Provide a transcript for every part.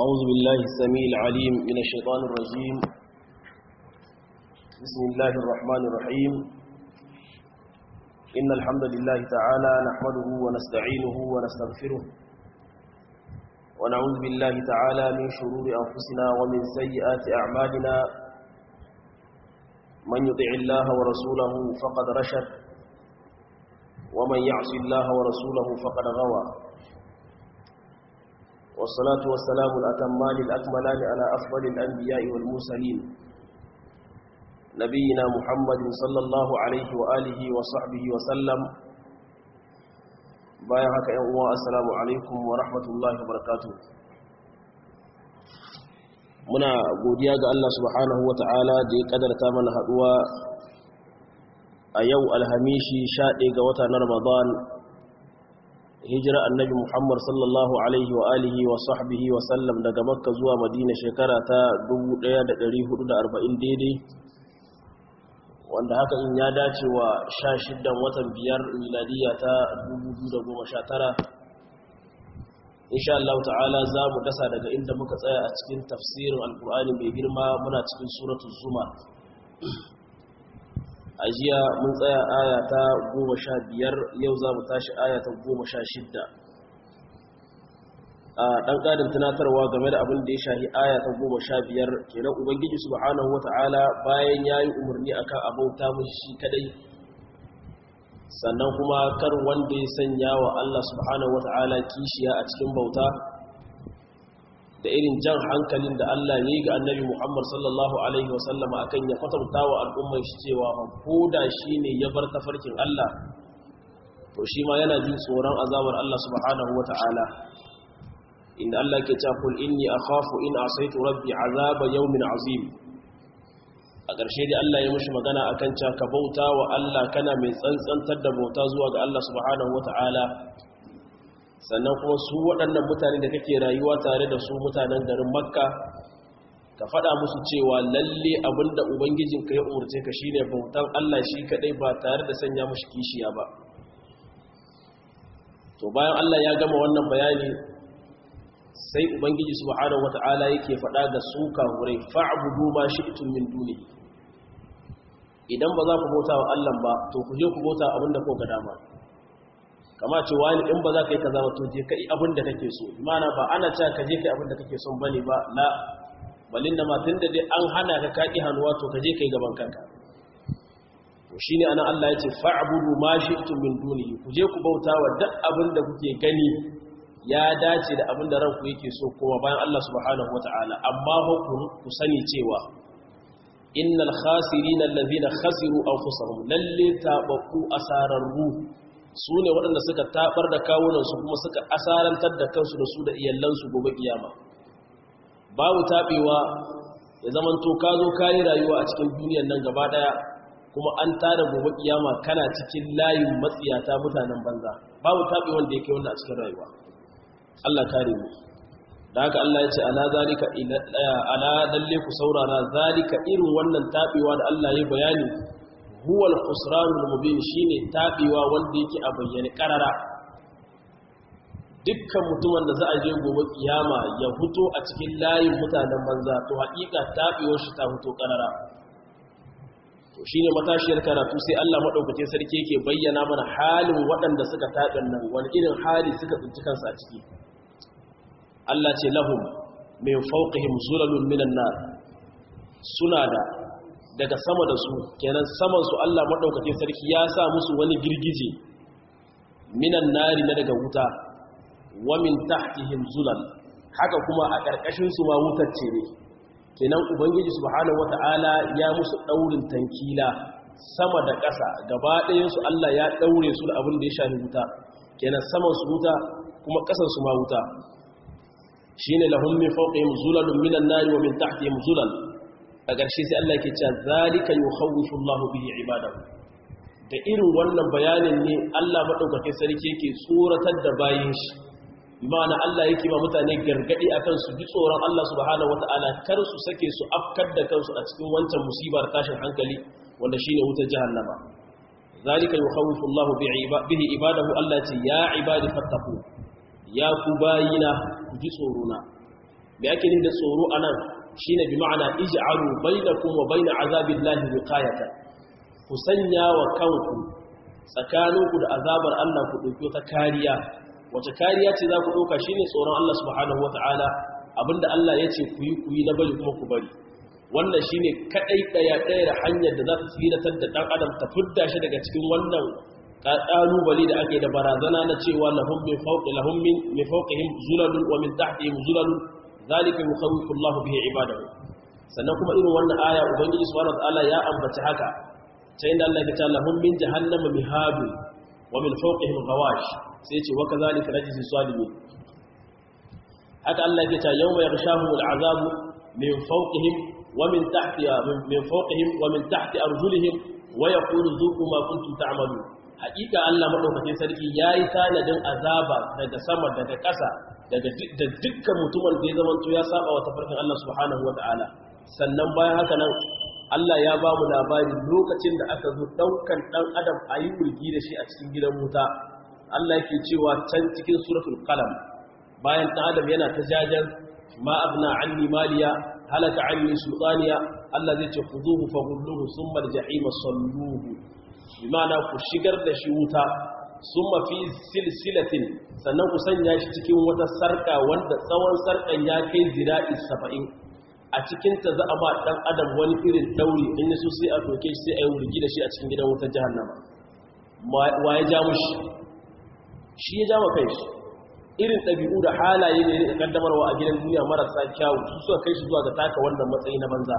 أعوذ بالله السميع العليم من الشيطان الرجيم بسم الله الرحمن الرحيم إن الحمد لله تعالى نحمده ونستعينه ونستغفره ونعوذ بالله تعالى من شرور أنفسنا ومن سيئات أعمالنا من يطع الله ورسوله فقد رشد ومن يعص الله ورسوله فقد غوى والصلاة والسلام الأتمان الأكملان على أفضل الأنبياء والمرسلين نبينا محمد صلى الله عليه وآله وصحبه وسلم بايعك يا الله السلام عليكم ورحمة الله وبركاته muna godiya ga Allah subhanahu wa ta'ala da ya kadarta mana haduwa a yau alhamishi 11 ga wata na Ramadan hijira annabi muhammad sallallahu alaihi wa alihi wa sahbihi wa sallam daga makka zuwa madina shekara ta 1440 daidai wanda haka in ya dace wa 16 watan biyar miladiya ta 2019 insha Allah ta'ala za mu dasa daga inda muka tsaya a cikin tafsirin alkur'ani mai girma muna cikin suratul zuma A jiya, mun tsaya ayata ta goma sha biyar yau za mu tashi aya ta goma sha shidda a ɗan ƙarin tunatarwa game da abin da ya shahi ayata ta goma sha biyar kenan ubangiji subhanahu wata'ala bayan ya yi umarni a kan abauta mashi shi kadai, sannan kuma kar wanda ya sanya wa allah subhanahu wata'ala kishiya a cikin bauta da irin jan hankalin da Allah ya yi ga annabi Muhammad sallallahu alaihi wasallama akan ya kwatanta wa al'ummar shi cewa ko da shi ne ya bar tafarkin Allah to shi ma yana jin tsoron azabar Allah subhanahu wa ta'ala inda Allah ke cewa kul inni akhafu in asaitu rabbi azaba min azim a ƙarshe da Allah ya mushi magana akan cewa ka bauta wa Allah kana mai tsantsantar da bauta zuwa ga Allah subhanahu wa ta'ala sannan kuma su waɗannan mutane da kake rayuwa tare da su mutanen garin makka ka faɗa musu cewa lalle abinda ubangijin ka ya umarci ka shine bautan Allah shi kaɗai ba tare da sanya mushi kishiya ba to bayan Allah ya gama wannan bayani sai ubangiji subhanahu wata'ala yake faɗa ga su kafurai fa'budu ma shi'tum min duni idan ba za ku bauta wa Allah ba to ku je ku bauta abinda ko ga dama kama ce wani in ba za ka yi kaza ba to je ka yi abin da kake so imana ba ana cewa ka je ka yi abin da kake son bane ba na balin da matan da dai an hana ka kaki hannuwa to ka je ka yi gaban kanka to ne ana Allah ya ce fa'budu ma shi'tum min dunihi ku je ku bauta wa duk abin da kuke gani ya dace da abin da ranku yake so kuma bayan Allah subhanahu wataala amma ku sani cewa innal khasirina allazina khasiru anfusahum lalle tabaqu asararru su ne waɗanda suka taɓar da kawunansu kuma suka asarantar da kansu da su da iyallansu gobe kiyama babu taɓewa ya zaman to ka zo ka rayuwa a cikin duniyar nan gaba ɗaya kuma an tada gobe kiyama kana cikin layin matsiyata mutanen banza babu taɓewa da ya kai wannan a cikin rayuwa Allah kare mu da haka Allah ya ce ala zalika eh, ala dalle ku saurara zalika irin wannan taɓewa da Allah ya bayani huwal khusranul mubin shine taɓewa wanda yake a bayyane karara dukkan mutumin da za a je gobe kiyama ya hutu a cikin layin mutanen banza to haƙiƙa tabewar shi ta huto karara to shine matashiyar karatu sai Allah madaukake sarki yake bayyana mana halin waɗanda suka taɓa nan wani irin hali suka tsinci kansa a ciki Allah ce lahum min fawqihim zulalun minan nar suna da daga sama da su kenan saman su Allah madaukakin sarki ya sa musu wani girgije minan nari na daga wuta wa min tahtihim zulal haka kuma a karkashin su ma wutar ce ne kenan ubangiji subhanahu wataala ya musu daurin tankila sama da ƙasa gaba ɗayan su Allah ya daure su da abin da ya shafi wuta kenan saman su wuta kuma ƙasar su ma wuta shine lahum min fawqihim zulalun minan nari wa min tahtihim zulal a ƙarshe sai Allah ke cewa zalika yukhawwifu Allahu bihi ibadahu da irin wannan bayanin ne Allah madaukakin sarki yake tsoratar da bayin shi ma'ana Allah yake ma mutane gargadi akan su bi tsoron Allah subhanahu wataala kar su sake su afkar da kansu a cikin wancan musibar tashin hankali wanda shine wutar jahannama zalika yukhawwifu Allahu bihi ibadahu Allah ce ya ibadi fattaqu ya ku bayina ku ji tsoro na me ake nufi da tsoro anan shine bi ma'ana ij'alu bai wa azabin azabillahi wiqayata ku sanya wa kanku tsakaninku da azabar Allah ku dauki ta kariya wace kariya ce za ku dauka shine tsoron Allah subhanahu wataala abinda Allah ya ce ku yi ku yi na bari kuma ku bari wannan shine kadai ɗaya-ɗaya da hanyar da za ta tsiratar da dan adam ta fudda shi daga cikin wannan kalubale da ake da barazana na cewa lahum min fawqi lahum min fawqihim zulalun wa min tahtihim zulalun zalika yukhawwifu Allahu bihi ibadahu sannan kuma irin wannan aya ubangiji subhanahu wa ta'ala ya ambaci haka ta inda Allah ya ce lahum min jahannama mihadu wa min fawqihim ghawash sai ce wa kadhalika najzi zalimin haka Allah ya ce yawma yaghshahum al'azabu min fawqihim wa min tahti min fawqihim wa min tahti arjulihim wa yaqulu dhuqu ma kuntum ta'malun hakika Allah madaukakin sarki yayi tanadin azaba daga sama daga ƙasa daga da dukkan mutumin da ya zamanto ya saba wa tafarkin Allah subhanahu wata'ala sannan bayan haka nan Allah ya ba mu labari lokacin da aka zo ɗaukan ɗan adam a yi wulgi da shi a cikin gidan wuta Allah yake cewa can cikin suratul qalam bayan ɗan adam yana ta jajan ma abna anni maliya halaka anni sultaniya Allah zai ce khuduhu faghulluhu thumma al-jahima salluhu bimana ku shigar da shi wuta summa fi silsilatin sannan ku sanya shi cikin wata sarka wanda tsawon sarkan ya kai zira'i saba'in a cikin ta za a ba dan adam wani irin dauri in ya so sai a doke shi sai a yi wurgi da shi a cikin gidan wutar jahannama wa ya ja mushi shi ya ja ma kai shi irin ɗabi'u da halaye ne da kaddamarwa a gidan duniya marasa kyawu su suka kai shi zuwa ga taka wannan matsayi na banza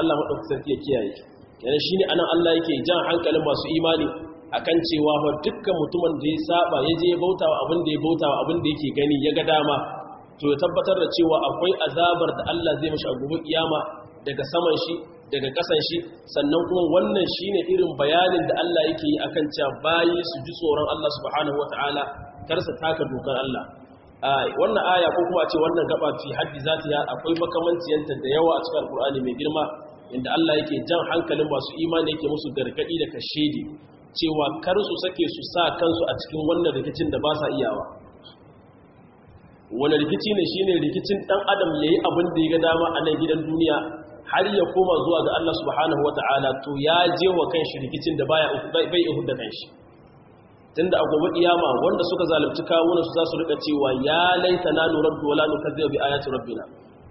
Allah maɗaukar sarki ya kiyaye shi kenan shi ne anan Allah yake jan hankalin masu imani akan cewa wa dukkan mutumin da ya saba ya je bauta wa abin da ya bauta abin da yake gani ya ga dama to ya tabbatar da cewa akwai azabar da Allah zai mashi a gobe kiyama daga saman shi daga kasan shi sannan kuma wannan shine irin bayanin da Allah yake yi akan cewa bayi su ji tsoron Allah subhanahu wataala kar su taka dokar Allah wannan aya ko kuma ce wannan gaba fi haddi ya akwai makamancinta da yawa a cikin alkur'ani mai girma inda Allah yake jan hankalin masu imani yake musu gargadi da kashedi cewa kar su sake su sa kansu a cikin wannan rikicin da ba sa iyawa wani rikici ne shine rikicin dan adam yayi abin da ya ga dama a nan gidan duniya har ya koma zuwa ga Allah subhanahu wataala to ya je wa kanshi rikicin da baya bai ihud da kanshi tunda a gobe kiyama wanda suka zalunci kawunan su za su rika cewa ya laita na nuraddu wala nukazzibu bi ayati rabbina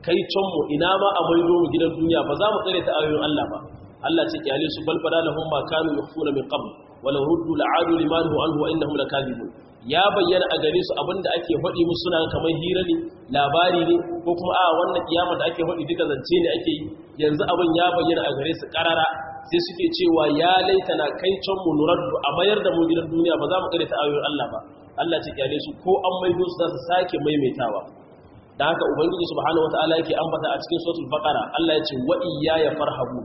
kai mu ina ma a maido mu gidan duniya ba za mu tsare ta ayoyin Allah ba Allah ce ƙyale su balbada lahum ma kanu yakhfuna min qabl walau ruddu la'adu liman hu anhu innahum lakadibun ya bayyana a gare su abinda ake faɗi musu suna kamar hira ne labari ne ko kuma a wannan kiyama da ake faɗi duka zance ne ake yi yanzu abin ya bayyana a gare su karara sai suke cewa ya na kai can mu nuraddu a mayar da mu gidan duniya ba za mu kare ta ayoyin Allah ba Allah ce kyale su ko an maido su za su sake maimaitawa da haka ubangiji subhanahu wataala yake ambata a cikin suratul baqara Allah ya ce wa ya farhabu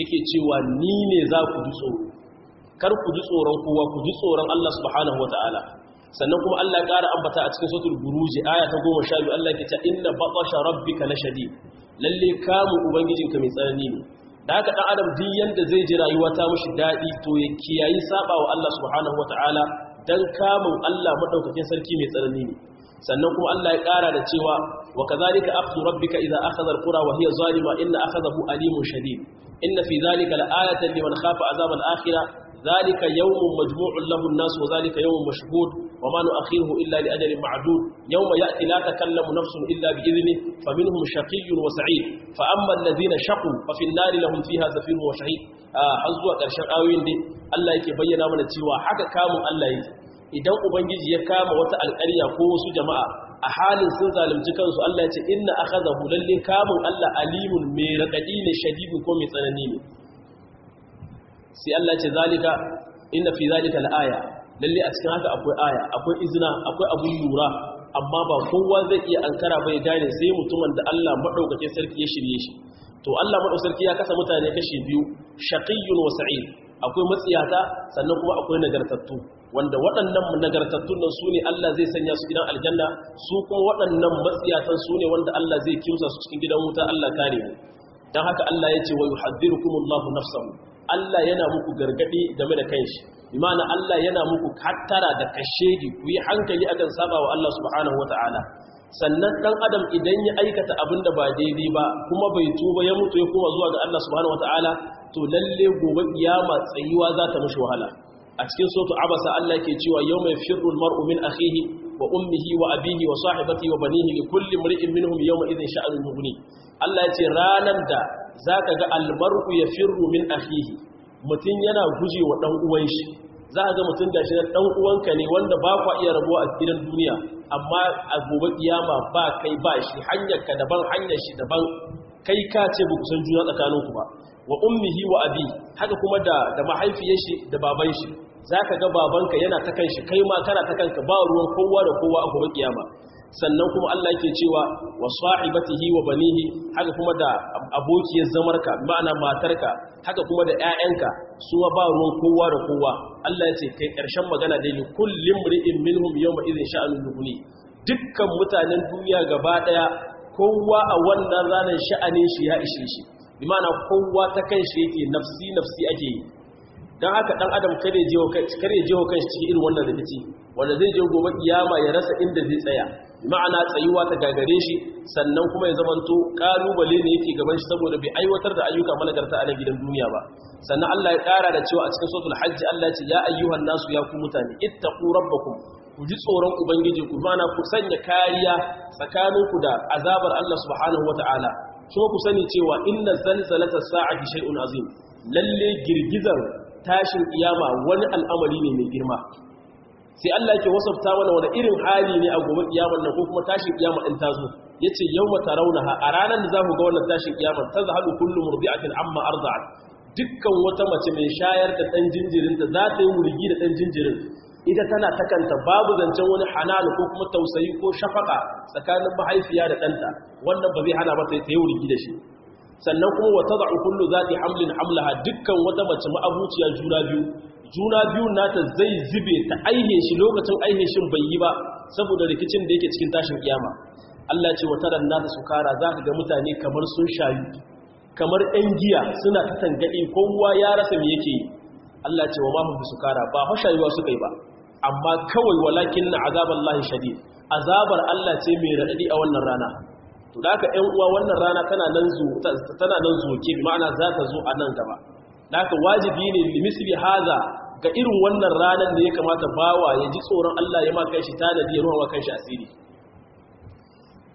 yake cewa ni ne za ku ji tsoro kar ku ji tsoron kowa ku ji tsoron Allah subhanahu wataala sannan kuma Allah ya ƙara ambata a cikin suratul buruj aya ta biyu Allah ke ta inna batasha rabbika lashadid lalle kamu ka mai tsanani ne da haka ɗan adam duk yanda zai ji rayuwa ta mushi daɗi to ya kiyayi saba wa Allah subhanahu wataala dan kamun Allah madaukakin sarki mai tsanani ne sannan kuma Allah ya ƙara da cewa wa kadhalika akhdhu rabbika idha akhadha alqura wa hiya zalima inna akhadhahu alimun shadid inna fi dhalika la'ayatan liman khafa azab al-akhirah ذلك يوم مجموع له الناس وذلك يوم مشهود وما نؤخره إلا لأجل معدود يوم يأتي لا تكلم نفس إلا بإذنه فمنهم شقي وسعيد فأما الذين شقوا ففي النار لهم فيها زفير وشهيد حزوا قرشان آوين دي الله يكي بينا من التيوى حكا كاموا الله يكي idan ubangiji ya kama wata alƙarya ko wasu jama'a a halin sun zalunci kansu Allah ya ce inna akhadahu lalle kamun Allah alimun mai radadi ne shadidin ko mai tsanani ne sai Allah ce zalika inna fi zalika la'aya lalle a cikin haka akwai aya akwai izina akwai abun lura amma ba kowa zai iya ankara bai gane sai mutumin da Allah madaukake sarki ya shirye shi to Allah madaukake sarki ya kasa mutane kashi biyu shaqiyyun wa sa'id akwai matsiyata sannan kuma akwai nagartattu wanda waɗannan nagartattun nan su ne Allah zai sanya su gidan aljanna su kuma waɗannan matsiyatan su ne wanda Allah zai kimsa su cikin gidan wuta Allah kare mu dan haka Allah ya ce wa yuhadhdhirukumullahu nafsahu Allah yana muku gargadi game da kanshi imana Allah yana muku kattara da kashedi ku yi hankali akan saba wa Allah subhanahu sannan ɗan adam idan ya aikata abin da ba daidai ba kuma bai tuba ya mutu ya kuma zuwa ga Allah subhanahu to lalle gobe kiyama tsayuwa za ta mishi wahala a cikin sautu abasa Allah ke cewa yau mai firrul mar'u min akhihi wa ummihi wa abihi wa sahibati wa banihi li kulli mar'in minhum yawma idhin sha'anun mughni Allah ya ce ranar da za ka ga albarku ya firru min ahihi mutum yana guje wa ɗan shi za ka ga mutum da shi ɗan uwanka ne wanda ba kwa iya rabuwa a gidan duniya amma a gobe kiyama ba kai ba shi hanyar ka daban hanyar shi daban kai ka ce ba kusan juna tsakaninku ba wa ummihi wa abi haka kuma da da mahaifiyar shi da baban shi zaka ga babanka yana ta kai ma kana ta kanka ba ruwan kowa da kowa a gobe kiyama sannan kuma Allah yake cewa wa sahibatihi wa banihi haka kuma da abokiyar zamarka ma'ana matarka haka kuma da ƴaƴanka su ba ruwan kowa da kowa Allah ya ce kai ƙarshen magana da ni kullum ri'in minhum yawma idhin sha'anun yughni dukkan mutanen duniya gaba daya kowa a wannan ranar sha'anin shi ya ishe shi bi ma'ana kowa ta kan shi yake nafsi nafsi ake yi don haka dan adam kare je kan shi cikin irin wannan rikici wanda zai je gobe kiyama ya rasa inda zai tsaya ma'ana tsayuwa ta gagare shi sannan kuma ya zamanto kalubale ne yake gaban shi saboda bai aiwatar da ayyuka malakarta a gidan duniya ba sannan Allah ya kara da cewa a cikin suratul hajji Allah ya ce ya ayyuhan nasu ya ku mutane ittaqu rabbakum ku ji tsoron ubangiji ku mana ku sanya kariya tsakanin ku da azabar Allah subhanahu wataala kuma ku sani cewa inna zalzalata sa'ati shay'un azim lalle girgizar tashin kiyama wani al'amari ne mai girma sai Allah yake wasafta mana wani irin hali ne a gobe kiyamar nan ko kuma tashin kiyama in tazo yace yawma tarawnaha a ranar da za ku ga wannan tashin kiyamar tazhalu kullu murdi'atin amma arda'at dukkan wata mace mai shayar da dan jinjirin da za ta yi wurgi da dan jinjirin ita tana takanta babu zancen wani halal ko kuma tausayi ko shafaka tsakanin mahaifiya da ɗanta wannan ba zai hana sai ta yi wurgi da shi sannan kuma wata za'u kullu zati hamlin hamlaha dukkan wata mace ma'abuciya juna biyu juna biyun nata zai zube ta aihe shi lokacin aihe shin bai yi ba saboda rikicin da yake cikin tashin kiyama Allah ce wata ran nata kara za ka ga mutane kamar sun shayu kamar ɗan giya suna ta tangaɗe kowa ya rasa me yake yi Allah ce wa su kara ba shayuwa suka yi ba amma kawai walakin na azabar lahi shadid azabar Allah ce mai raɗaɗi a wannan rana to da ka ‘yan uwa wannan rana tana nan zoke bi ma'ana za ta zo a nan gaba naka wajibi ne limisli haza ga irin wannan ranar da ya kamata bawa ya ji tsoron Allah ya ma kanshi tanadi ya ruwa ma shi asiri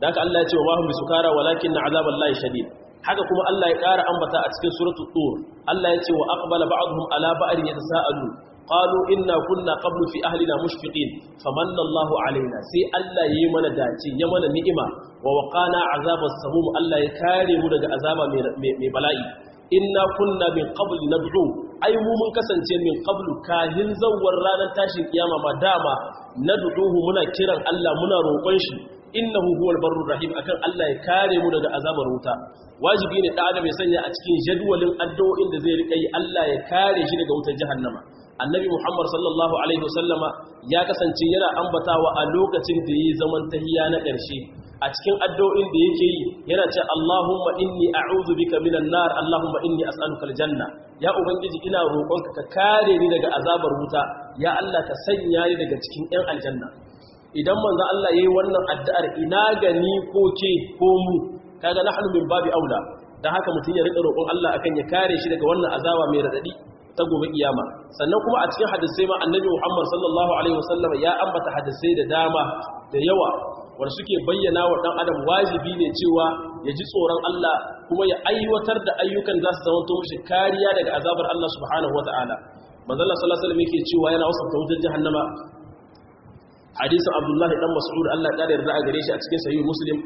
naka Allah ya ce wa mahum bisukara walakin na azaballahi shadid haka kuma Allah ya ƙara ambata a cikin suratu tur Allah ya ce wa aqbala ba'dhum ala ya yatasaalu qalu inna kunna qablu fi ahlina mushfiqin famanna Allahu alaina sai Allah yayi mana dace ya mana ni'ima wa waqana azabas samum Allah ya kare mu daga azaba mai bala'i inna kunna min na nad'u ai mu mun kasance min qablu kahin zawwar ranar tashin kiyama ma dama nad'uhu muna kiran Allah muna roƙon shi innahu huwal barrur rahim akan Allah ya kare mu daga azabar wuta wajibi ne da mai sanya a cikin jadwalin addu'o'in da zai rika yi Allah ya kare shi daga wutar jahannama annabi muhammad sallallahu alaihi wasallama ya kasance yana ambatawa a lokacin da yi zaman tahiya na ƙarshe a cikin addu'o'in da yake yi yana ce Allahumma inni a'udhu bika minan nar Allahumma inni as'aluka aljanna ya ubangiji ina roƙonka ka kare ni daga azabar wuta ya Allah ka sanya ni daga cikin 'yan aljanna idan manzo Allah yayi wannan addu'ar ina gani ko ke ko mu kaga nahnu min babi aula dan haka mutun ya rika roƙon Allah akan ya kare shi daga wannan azaba mai radadi ta gobe kiyama sannan kuma a cikin hadisai ma annabi Muhammad sallallahu alaihi wasallam ya ambata hadisai da dama da yawa wanda suke bayyana wa ɗan adam wajibi ne cewa ya ji tsoron Allah kuma ya aiwatar da ayyukan za su zama to mishi kariya daga azabar Allah subhanahu wa manzo Allah sallallahu alaihi yake cewa yana wasafta wutar jahannama hadisin Abdullah dan Mas'ud Allah ya yarda a gare shi a cikin sahih Muslim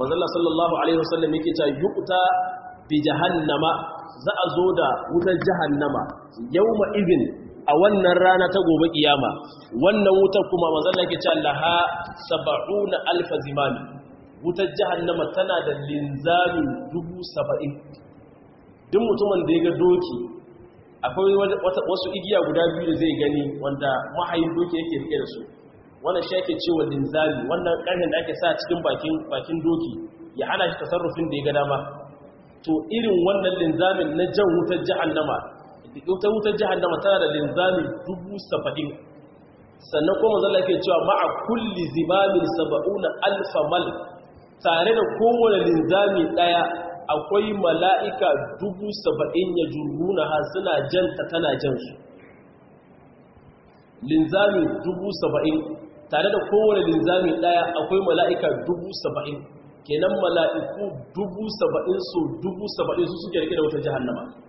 manzo sallallahu alaihi wasallam yake cewa yuqta bi jahannama za a zo da wutar jahannama yawma idin a wannan rana ta gobe kiyama wannan wutar kuma manzon Allah yake cewa laha sab'una alf ziman wutar jahannama tana da linzami 70 duk mutumin da ya ga doki akwai wasu igiya guda biyu da zai gani wanda mahayin doki yake rike da su wannan shi yake cewa linzami wannan karhin da ake sa cikin bakin bakin doki ya hana shi tasarrufin da ya ga dama to irin wannan linzamin na jan wutar jahannama ta wutar jahannama tana da linzamin dubu saba'in sannan kuma zala ke cewa ma'a kulli zibamin saba'una alfa mal tare da kowane linzami daya akwai mala'ika dubu saba'in ya juruna ha suna janta tana jansu Linzamin dubu saba'in tare da kowane linzami daya akwai mala'ika dubu saba'in kenan mala'iku dubu saba'in su dubu saba'in su suke rike da wata jihannama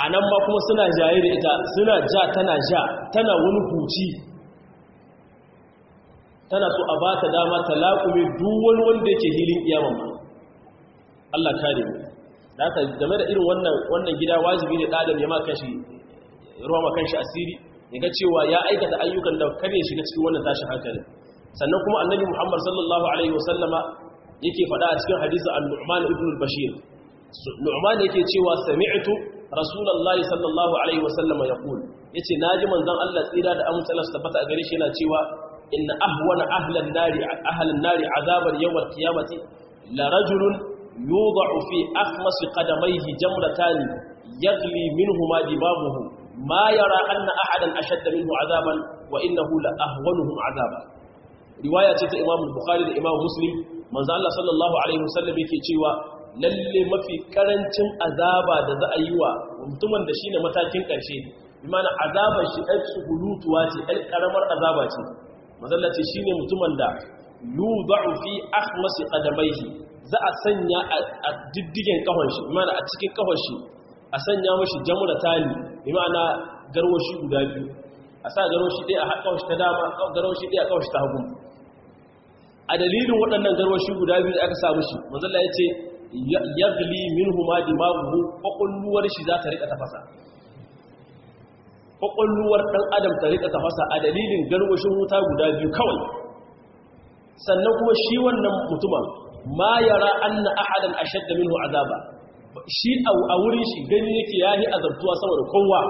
a nan ba kuma suna jaye da ita suna ja tana ja tana wani huci tana so a ba ta dama ta laƙume duwan wanda yake hilin iyaman ba Allah kare mu da haka game da irin wannan gida wajibi ne ɗalim ya ma kashi ruwa ma kanshi asiri ya ga cewa ya aikata ayyukan da kare shiga cikin wannan tashin hankalin sannan kuma annabi muhammad sallallahu alaihi wasallama yake faɗa a cikin hadisi an nu'man ibn al-bashir nu'man yake cewa sami'tu rasulullahi sallallahu alaihi wasallama yaqul yace naji manzan Allah tsira da amince Allah tabbata a gare shi yana cewa inna ahwana ahlan nari ahlan nari azabar yawmal qiyamati la rajulun yudha'u fi akhmas qadamayhi jamratan yagli minhuma dibabuhu ma yara anna ahadan ashadda minhu azaban wa innahu la ahwanuhum azaba riwaya ce ta Imam Bukhari da Imam Muslim manzo Allah sallallahu alaihi wasallam yake cewa lalle mafi karancin azaba da za a yi wa mutumin da shi ne matakin karshe imanin azabar shi ɗan lutuwa ce ɗan ƙaramar azaba ce mazallaci ne mutumin da yudau fi akhmasi qadamaihi za a sanya a diddigen ƙahonshi, shi imana a cikin ƙahonshi shi a sanya mashi jamura tani imanin garwashi guda biyu a sa garwashi ɗaya a haƙa ta dama garwashi ɗaya a kawai ta hagu a dalilin waɗannan garwashi guda biyu da aka sa mashi mazalla ya ce yagli minhu ma dimaghu kwakwalluwar shi za ta rika tafasa kwakwalluwar ɗan adam ta rika tafasa a dalilin garwashin wuta guda biyu kawai sannan kuma shi wannan mutumin ma yara anna ahadan ashadda minhu azaba shi a wurin shi gani yake yahi azabtuwa sama da kowa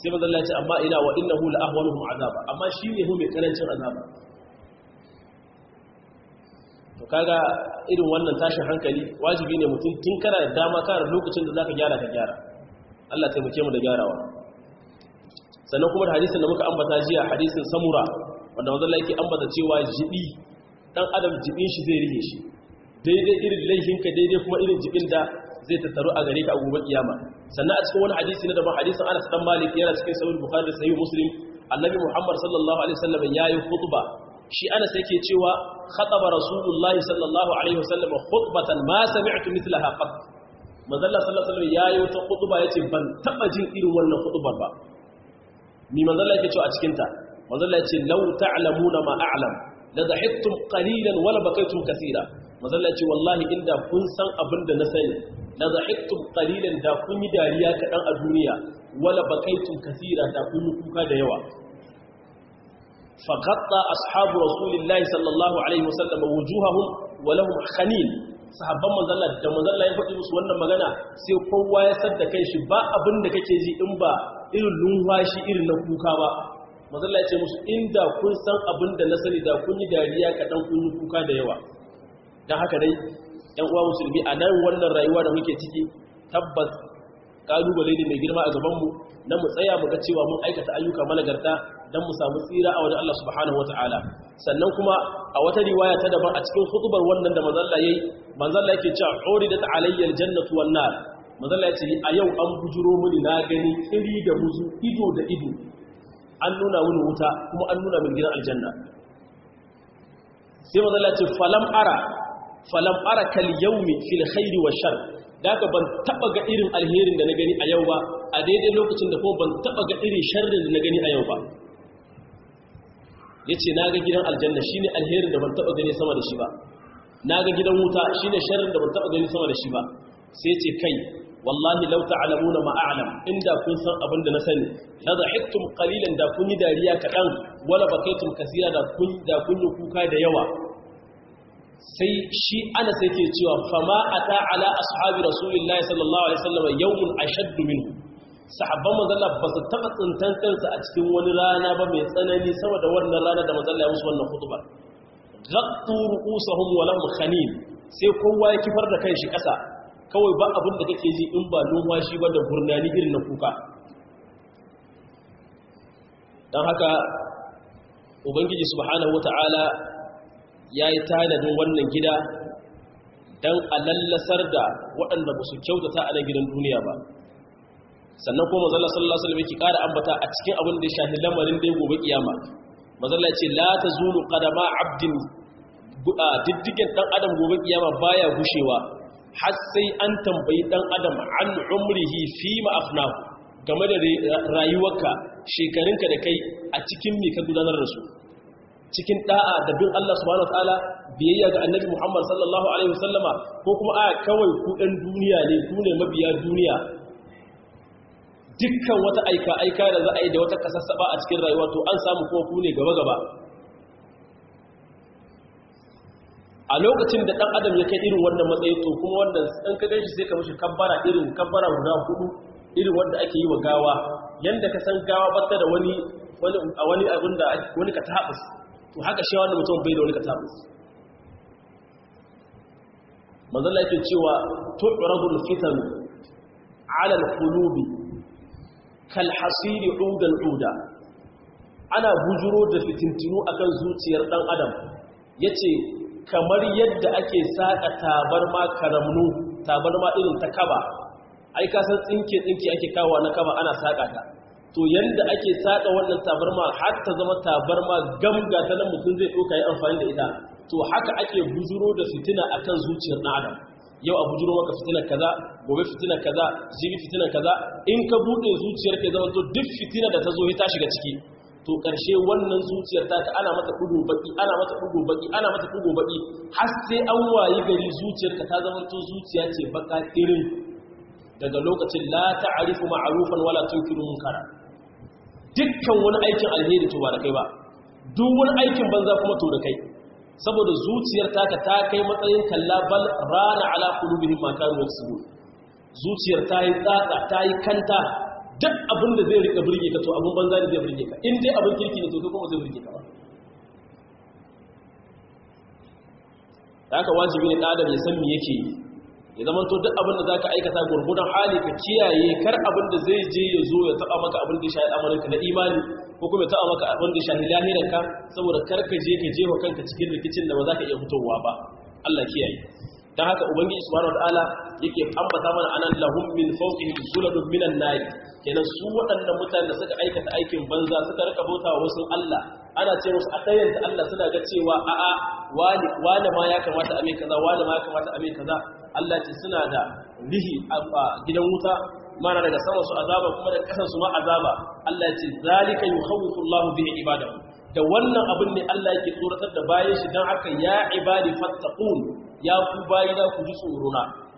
sai bazalla ya ce amma ina wa innahu la ahwanuhum azaba amma shi ne hu mai karancin azaba to kaga irin wannan tashin hankali wajibi ne mutum tun kana da dama kana lokacin da zaka gyara ka gyara Allah taimake mu da gyarawa sannan kuma da hadisin da muka ambata jiya hadisin samura wanda manzon Allah yake ambata cewa jibi dan adam jibin shi zai rige shi daidai irin ka daidai kuma irin jibin da zai tattaru a gare ka a gobe kiyama sannan a cikin wani hadisi na daban hadisin Anas dan Malik yana cikin sahih Bukhari da sahih Muslim annabi Muhammad sallallahu alaihi wasallam yayi khutba shi anas yake cewa khataba rasulullahi sallallahu alaihi wasallam khutbatan ma sami'tu mithlaha qat manzo Allah sallallahu alaihi wasallam yayi wata khutba yace ban taba jin irin wannan khutbar ba ni manzo yake cewa a cikin ta manzo Allah yace law ta'lamuna ma a'lam la dhahittum qalilan wa la bakaytum kaseera manzo Allah yace wallahi inda kun san abinda na sani la dhahittum qalilan da kun yi dariya kadan a duniya wala bakaytum kaseera da kun kuka da yawa faghatta ashabu rasulillahi sallallahu alaihi wujuhahum wa lahum khalil sahabban manzalla da manzalla ya faɗi musu wannan magana sai kowa ya sadda kai shi ba abin da kake ji in ba irin lumfashi irin na kuka ba manzalla ya ce musu inda kun san abin da na sani da kun yi dariya kaɗan kun yi kuka da yawa don haka dai ‘yan uwa musulmi a nan wannan rayuwa da muke ciki tabbas kalubale ne mai girma a gaban mu na mu tsaya mu ga cewa mun aikata ayyuka managarta dan mu samu tsira a wajen Allah subhanahu wataala sannan kuma a wata riwaya ta daban a cikin hutubar wannan da manzon Allah yayi manzon Allah yake cewa uridat alayya aljannatu wan nar manzon Allah a yau an bujuro mini na gani iri da muzu ido da ido an nuna mini wuta kuma an nuna mini gidan aljanna sai manzon Allah yace falam ara falam ara kal yawmi fil khairi wash shar ka ban taba ga irin alherin da na gani a yau ba a daidai lokacin da kuma ban taba ga irin sharrin da na gani a yau ba ya ce na ga gidan aljanna shi ne alherin da ban taɓa gani sama da shi ba na ga gidan wuta shi ne da ban taɓa gani sama da shi ba sai ce kai wallahi lau ta'alamuna ma'alam inda kun san abin da na sani la dhahiktum qalilan da kun yi dariya kaɗan wala bakaitum kasira da kun da kun yi kuka da yawa sai shi ana sai ke cewa fama ata ala ashabi rasulillahi sallallahu alaihi wasallam yawmun ashaddu minhu sahabban manzalla ba su taɓa tsintan kansu a cikin wani rana ba mai tsanani sama da wannan rana da manzalla ya musu wannan hutuba gattu ru'usahum wa lahum khanin sai kowa ya kifar da kanshi ƙasa kawai ba abin da kake ji in ba numfashi ba da gurnani irin na kuka don haka ubangiji subhanahu wata'ala ya yi tanadin wannan gida don a lallasar da waɗanda ba su kyautata a nan gidan duniya ba sannan kuma mazalla sallallahu alaihi wasallam yake ƙara ambata a cikin abin da ya shahi lamarin da ya gobe kiyama mazalla ce la tazulu qadama abdin diddigen dan adam gobe kiyama baya gushewa har sai an tambayi dan adam an umrihi fi ma afnahu game da rayuwarka shekarunka da kai a cikin me ka gudanar da su cikin da'a da bin Allah subhanahu wataala biyayya ga annabi Muhammad sallallahu alaihi wasallama ko kuma a kawai ku dan duniya ne ku ne mabiya duniya dukkan wata aika aika da za a yi da wata kasassaba a cikin rayuwa to an samu kuma ku ne gaba gaba a lokacin da dan adam ya kai irin wannan matsayi to kuma wannan ɗan ka ganshi sai ka mishi kabbara irin kabbara guda hudu irin wanda ake yi wa gawa yanda ka san gawa batta da wani wani wani abin da wani ka tabus to haka shi wannan mutum bai da wani ka tabus manzo Allah yake cewa tu'radul fitan ala al kalhasiri udan uda ana bujuro da fitintinu akan zuciyar dan adam yace kamar yadda ake saka tabarma karamnu tabarma irin ta kaba ai ka san tsinke tsinke ake kawo na kaba ana saka ta to yanda ake saka wannan tabarma har ta zama tabarma gamga ta nan mutum zai doka yi amfani da ita to haka ake bujuro da fitina akan zuciyar dan adam yau a bujuro maka fitina kaza gobe fitina kaza jibi fitina kaza in ka bude zuciyar ke zama to duk fitina da ta zo ta shiga ciki to karshe wannan zuciyar ta ana mata dugo baki ana mata dugo baki ana mata dugo baki har sai an wayi gari zuciyar ka ta zama to zuciya ce baka irin daga lokacin la ta'rifu ma'rufan wala tunkiru munkara dukkan wani aikin alheri to ba da kai ba duk wani aikin banza kuma to da kai saboda zuciyar taka ta kai matsayin kalla bal rana ala qulubihim ma su yaksubun zuciyar ta yi tsatsa ta yi kanta duk abin da zai rika burge ka to abin banza ne zai burge ka in dai abin kirki ne to kai kuma zai burge ka ba haka wajibi ne ɗadar ya san me yake yi ya zama to duk abin da za ka aikata gurgudan hali ka kiyaye kar abin da zai je ya zo ya taɓa maka abin da ya shaɗa ka na imani ko kuma ta maka abin da shahi lahirar ka saboda karka je ka jefa kanka cikin rikicin da ba za ka iya fitowa ba Allah kiyaye dan haka ubangiji subhanahu wataala yake ambata mana anan lahum min fawqihim zulalun minan nar kenan su waɗannan mutanen da suka aikata aikin banza suka rika bauta wasu Allah ana ce musu a tayin da Allah suna ga cewa a a wani wani ma ya kamata a mai kaza wani ma ya kamata a mai kaza Allah ce suna da rihi a gidan wuta mana daga sama su azaba kuma daga kasan su ma azaba Allah ce zalika yukhawifu Allahu bihi ibadahu da wannan abin ne Allah yake tsoratar da bayan shi dan haka ya ibadi fattaqun ya ku bayi da ku ji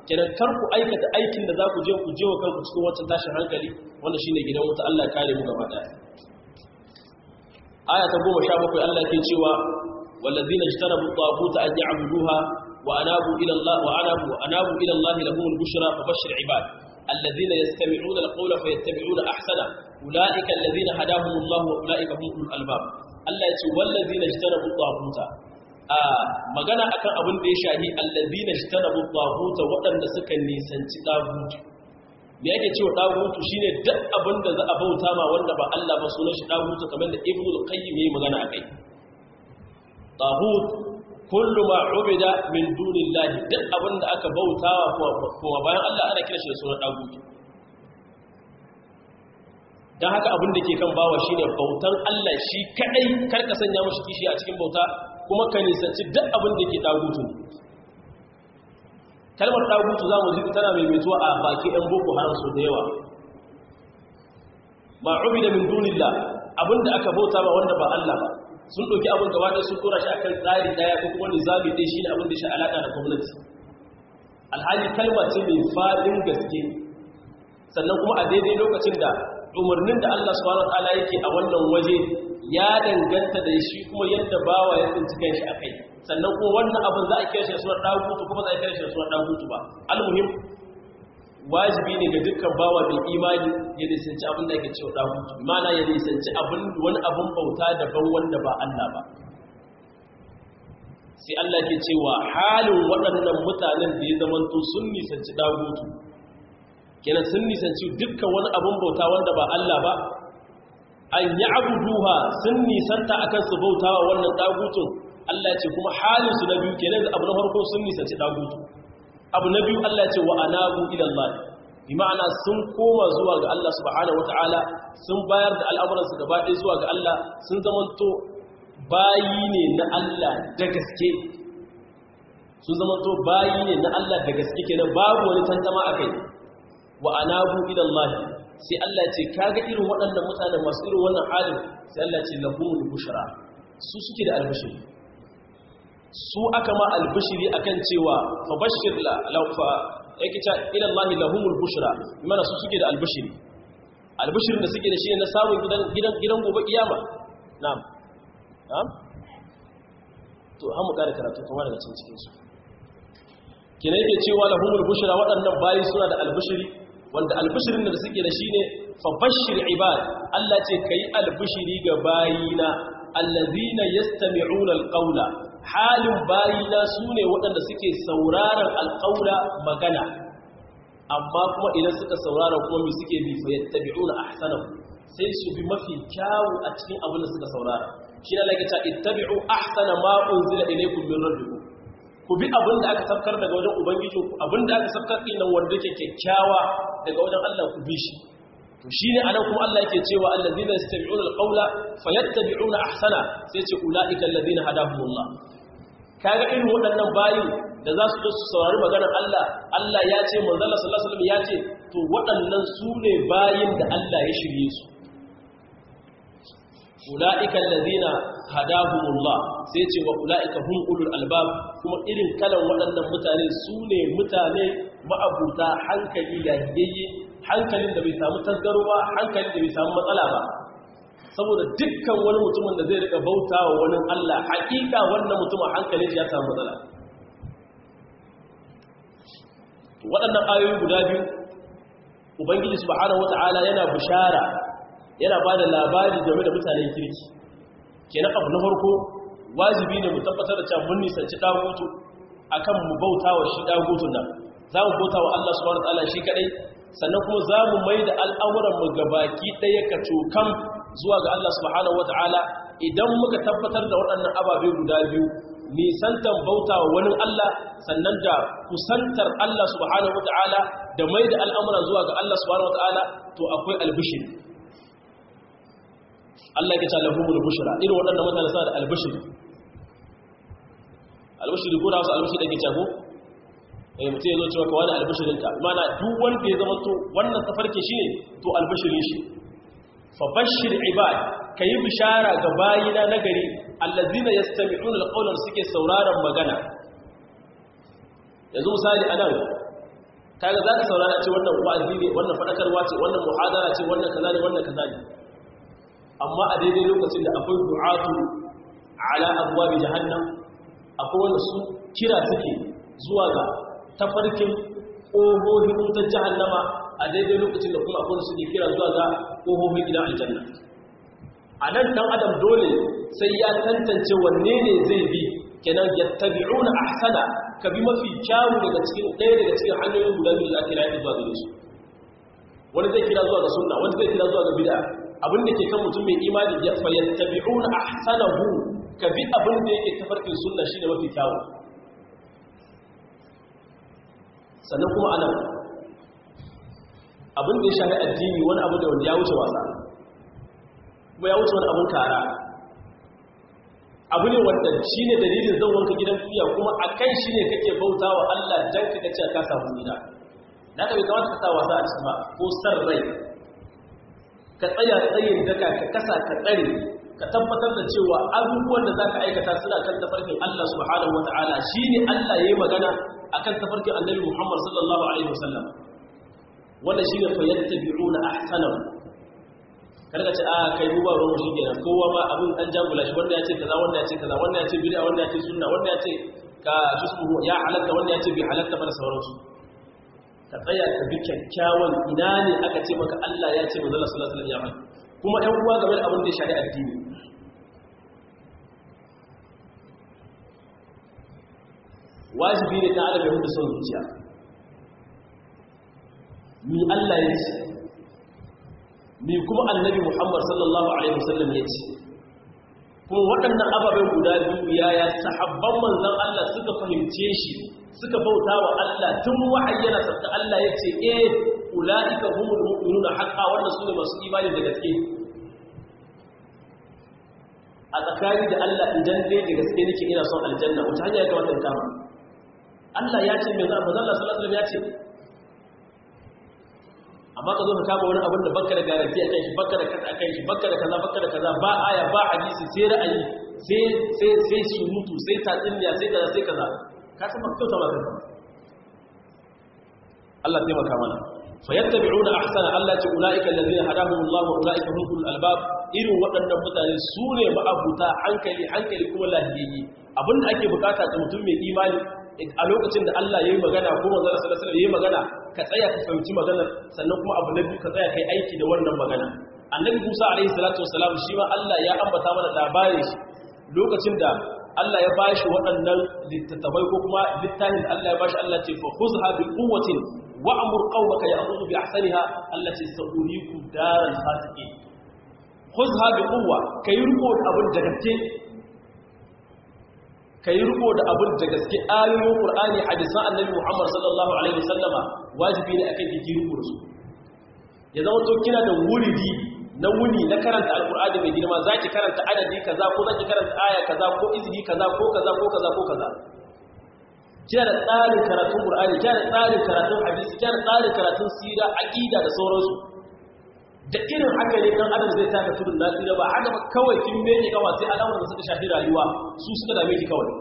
kenan kar ku aikata aikin da za ku je ku je wa kanku cikin wancan tashin hankali wanda shine gidan wuta Allah ya kare mu gaba daya aya ta 17 Allah yake cewa والذين اجتنبوا الطاغوت أن wa anabu إلى الله وأنابوا وأنابوا إلى الله لهم البشرى فبشر عباد الذين يستمعون القول فيتبعون أحسنه أولئك الذين هداهم الله وأولئك هم أولو الألباب Allah ya ce wallazi shi a magana akan abin da ya shahi allazi na shi waɗanda suka nisanci tsahutu me yake cewa tsahutu shine duk abin da za a bauta ma wanda ba Allah ba sunan shi tsahutu kamar da ibnu al-qayyim yayi magana akai tsahut kullu ma ubida min dunillahi duk abin da aka bautawa ko bayan Allah ana kira shi da sunan daguki dan haka abin da ke kan bawa shine bautan Allah shi kadai kar ka sanya mishi kishi a cikin bauta kuma ka nisanci duk abin da ke dagutu kalmar dagutu zamu ji tana mai zuwa a baki ɗan boko haram su da yawa ma ubida min dunillahi abin da aka bauta ba wanda ba Allah ba sun ɗauki abin gaba ɗaya sun tura shi akan tsari ɗaya ko kuma nizami ɗin shi ne abin da shi alaƙa da gwamnati alhali kalma ce mai faɗin gaske sannan kuma a daidai lokacin da umarnin da Allah subhanahu ta'ala yake a wannan waje ya danganta da shi kuma yadda bawa ya tsinci shi a kai sannan kuma wannan abin za a kira shi da sunan kuma za a kira shi da sunan ba almuhim wajibi ne ga dukkan bawa mai imani ya nisanci abin da ake cewa dagutu mana ya nisanci abin wani abin bauta daban wanda ba Allah ba sai Allah ke cewa halin waɗannan mutanen da ya zamanto sun nisanci dagutu kenan sun nisanci dukkan wani abin bauta wanda ba Allah ba an yi abubuwa sun nisanta kan su bauta wa wannan dagutun Allah ce kuma halin su na biyu kenan abu na farko sun nisanci dagutu abu na biyu Allah ce wa anabu ila bi ma'ana sun koma zuwa ga Allah subhanahu wataala sun bayar da al'amuransu gaba ɗaya zuwa ga Allah sun zamanto bayi ne na Allah da gaske sun zamanto bayi ne na Allah da gaske kenan babu wani tantama akai wa anabu ila sai Allah ce kaga irin waɗannan mutanen masu irin wannan halin sai Allah ce lahumul bushra su suke da albashir su aka ma albishiri akan cewa fa bashir la laufa yake ta ila Allah lahumul bushra mana su suke da albishiri albishirin da suke da shi na samun gidan gidan gidan gobe kiyama na'am na'am to an mu kare karatu kuma daga cikin cikin su kina yake cewa lahumul bushra waɗannan bayi suna da albishiri wanda albishirin da suke da shi ne fa bashir ibad Allah ce kai albishiri ga bayina allazina yastami'una alqawla halin bayina su ne waɗanda suke sauraron alƙaura magana amma kuma idan suka saurara kuma mai suke bi fa yattabi'una ahsanahu sai su fi mafi kyawu a cikin abin da suka saurara shi ne lake ta ittabi'u ahsana ma unzila ilaykum min rabbikum ku bi abin da aka tafkar daga wajen ubangiji ku abin da aka tafkar din nan wanda yake kyakkyawa daga wajen Allah ku bi shi to shine anan kuma Allah yake cewa allazina yastabi'una alqawla fayattabi'una ahsana sai ce ulaika allazina hadahumullah kaga irin waɗannan bayin da za su su saurari maganar Allah Allah ya ce manzon sallallahu alaihi ya ce to waɗannan su ne bayin da Allah ya shirye su ula'ika lalzina hadahumullah sai ce wa ula'ika hun ulul albab kuma irin kalan waɗannan mutane su ne mutane ma'abuta hankali yayyayi hankalin da bai samu tasgaro ba hankalin da bai samu matsala ba saboda dukkan wani mutumin da zai rika bauta wa wani Allah haƙiƙa wannan mutumin hankali ya samu matsala waɗannan ayoyi guda biyu ubangiji subhanahu wata'ala yana bishara yana ba da labari game da mutane kirki kenan abu na farko wajibi ne mu tabbatar da cewa mun nisanci dagutu akan mu bauta wa shi dagutun nan za mu bauta wa Allah subhanahu wata'ala shi kadai sannan kuma za mu mai da al'amuran mu baki ɗaya ka cokan zuwa ga Allah subhanahu wataala idan muka tabbatar da waɗannan ababe guda biyu nisantar bauta wa wani Allah sannan da kusantar Allah subhanahu wataala da mai da al'amuran zuwa ga Allah subhanahu wataala to akwai albishir Allah ya ce lahumul bushra irin waɗannan mutane suna da albishir albishir ko da wasu albishir da ke cago eh mutum ya zo cewa kawai da albishirinka mana duk wanda ya zama to wannan tafarki shi ne to albishirin shi fabashir ibad ka yi bishara ga bayina na gari allazina yastami'una alqawlan suke sauraron magana yanzu misali anan kaga zaka saurara ce wannan wa'azi ne wannan fadakarwa ce wannan muhadara ce wannan kaza ne wannan kaza ne amma a daidai lokacin da akwai du'atu ala abwab jahannam akwai wanda su kira suke zuwa ga tafarkin ƙofofin wutar jahannama a daidai lokacin da kuma akwai suke kira zuwa ga ƙofofin gidan aljanna a nan ɗan adam dole sai ya tantance wanne ne zai bi kenan ya tabi'una ahsana ka bi mafi kyawu daga cikin ɗaya daga cikin hanyoyin guda biyu da ake rayu zuwa gare su wani zai kira zuwa ga sunna wani zai kira zuwa ga bid'a abin da ke kan mutum mai imani ya fa yattabi'una ahsanahu ka bi abin da yake tafarkin sunna shine mafi kyawu sannan kuma anan abin da ya shafi addini wani abu da ya wuce wasa kuma ya wuce wani abin kara abu ne wanda shi ne dalilin zan wanka gidan kuya kuma a kan shi ne kake bauta wa Allah jan ka gaci ka samu gida na ka bai kamata ka sa wasa a cikin ba ko san rai ka tsaya tsayin daga ka kasa ka tsare ka tabbatar da cewa abubuwan da za ka aikata suna kan tafarkin Allah subhanahu wa ta'ala shi Allah ya yi magana a kan tafarkin annabi Muhammad sallallahu alaihi wasallam wanda shi ne fayattabi'una ahsanahu karka ce a ah, kai ruwa ruwa shi kenan kowa ma abin an jagula shi wanda ya ce kaza wanda ya ce kaza wanda ya ce bid'a wanda ya ce sunna wanda ya ce ka jismu ya halatta wanda ya ce bai halatta mana sauransu ka tsaya ka bi kyakkyawan ina ne aka ce maka Allah ya ce manzo sallallahu alaihi wasallam ya kuma 'yan uwa game da abin da ya shari'a addini wajibi ne ta adam da mutu son zuciya ni Allah ya ce ni kuma annabi Muhammad sallallahu alaihi wasallam ya ce Kuma waɗannan ababen guda biyu yaya sahabban manzon Allah suka fahimce shi suka bauta wa Allah tun wahayyana sabta Allah ya ce eh ulaika humul mu'minuna haqqa wannan sune masu imani da gaske a tsakani da Allah idan dai da gaske nake ina son aljanna wata hanya ya ga wannan kama Allah ya ce mai za manzon Allah sallallahu alaihi wasallam ya ce amma ka zo ka kama wani abin da bakka da garanti a kan shi bakka da kaza a kan shi bakka da kaza bakka da kaza ba aya ba hadisi sai ra'ayi sai sai sai surutu sai tatsuniya sai kaza sai kaza ka san ba kyauta ba kanka Allah taimaka mana fa yattabi'una ahsana Allah ce ulaika allazina hadahum Allah wa ulaika hum ulul albab irin waɗannan mutane su ne ma'abuta hankali hankali kuma lahiyi abin da ake bukata ga mutum mai imani a lokacin da Allah ya yi magana ko manzon sallallahu alaihi wasallam ya yi magana ka tsaya ka fahimci magana sannan kuma abu na biyu ka tsaya kai aiki da wannan magana annabi Musa alaihi salatu wassalam shi ma Allah ya ambata mana labarin shi lokacin da Allah ya bashi waɗannan littattafai ko kuma littafin Allah ya bashi Allah ce fa khuzha bi quwwatin wa amur qaumaka ya'khudhu bi ahsaniha Allah ce sa'uriku daral fasiqin khuzha bi quwwa kai riko da da gaske ka yi riko da abin da gaske ayoyin ƙur'ani hadisan annabi Muhammadu sallallahu alaihi sallama. wajibi ne akan ki riko da su ya zama to kina da wuridi na wuni na karanta alƙur'ani mai girma za ki karanta adadi kaza ko za ki karanta aya kaza ko izini kaza ko kaza ko kaza ko kaza kina da tsarin karatun ƙur'ani kina da tsarin karatun hadisi kina da tsarin karatun sira aqida da sauransu da irin haka ne dan adam zai taka tudun na ba haka ba kawai kin mene kawai sai al'amuran da suka shafi rayuwa su suka dame ki kawai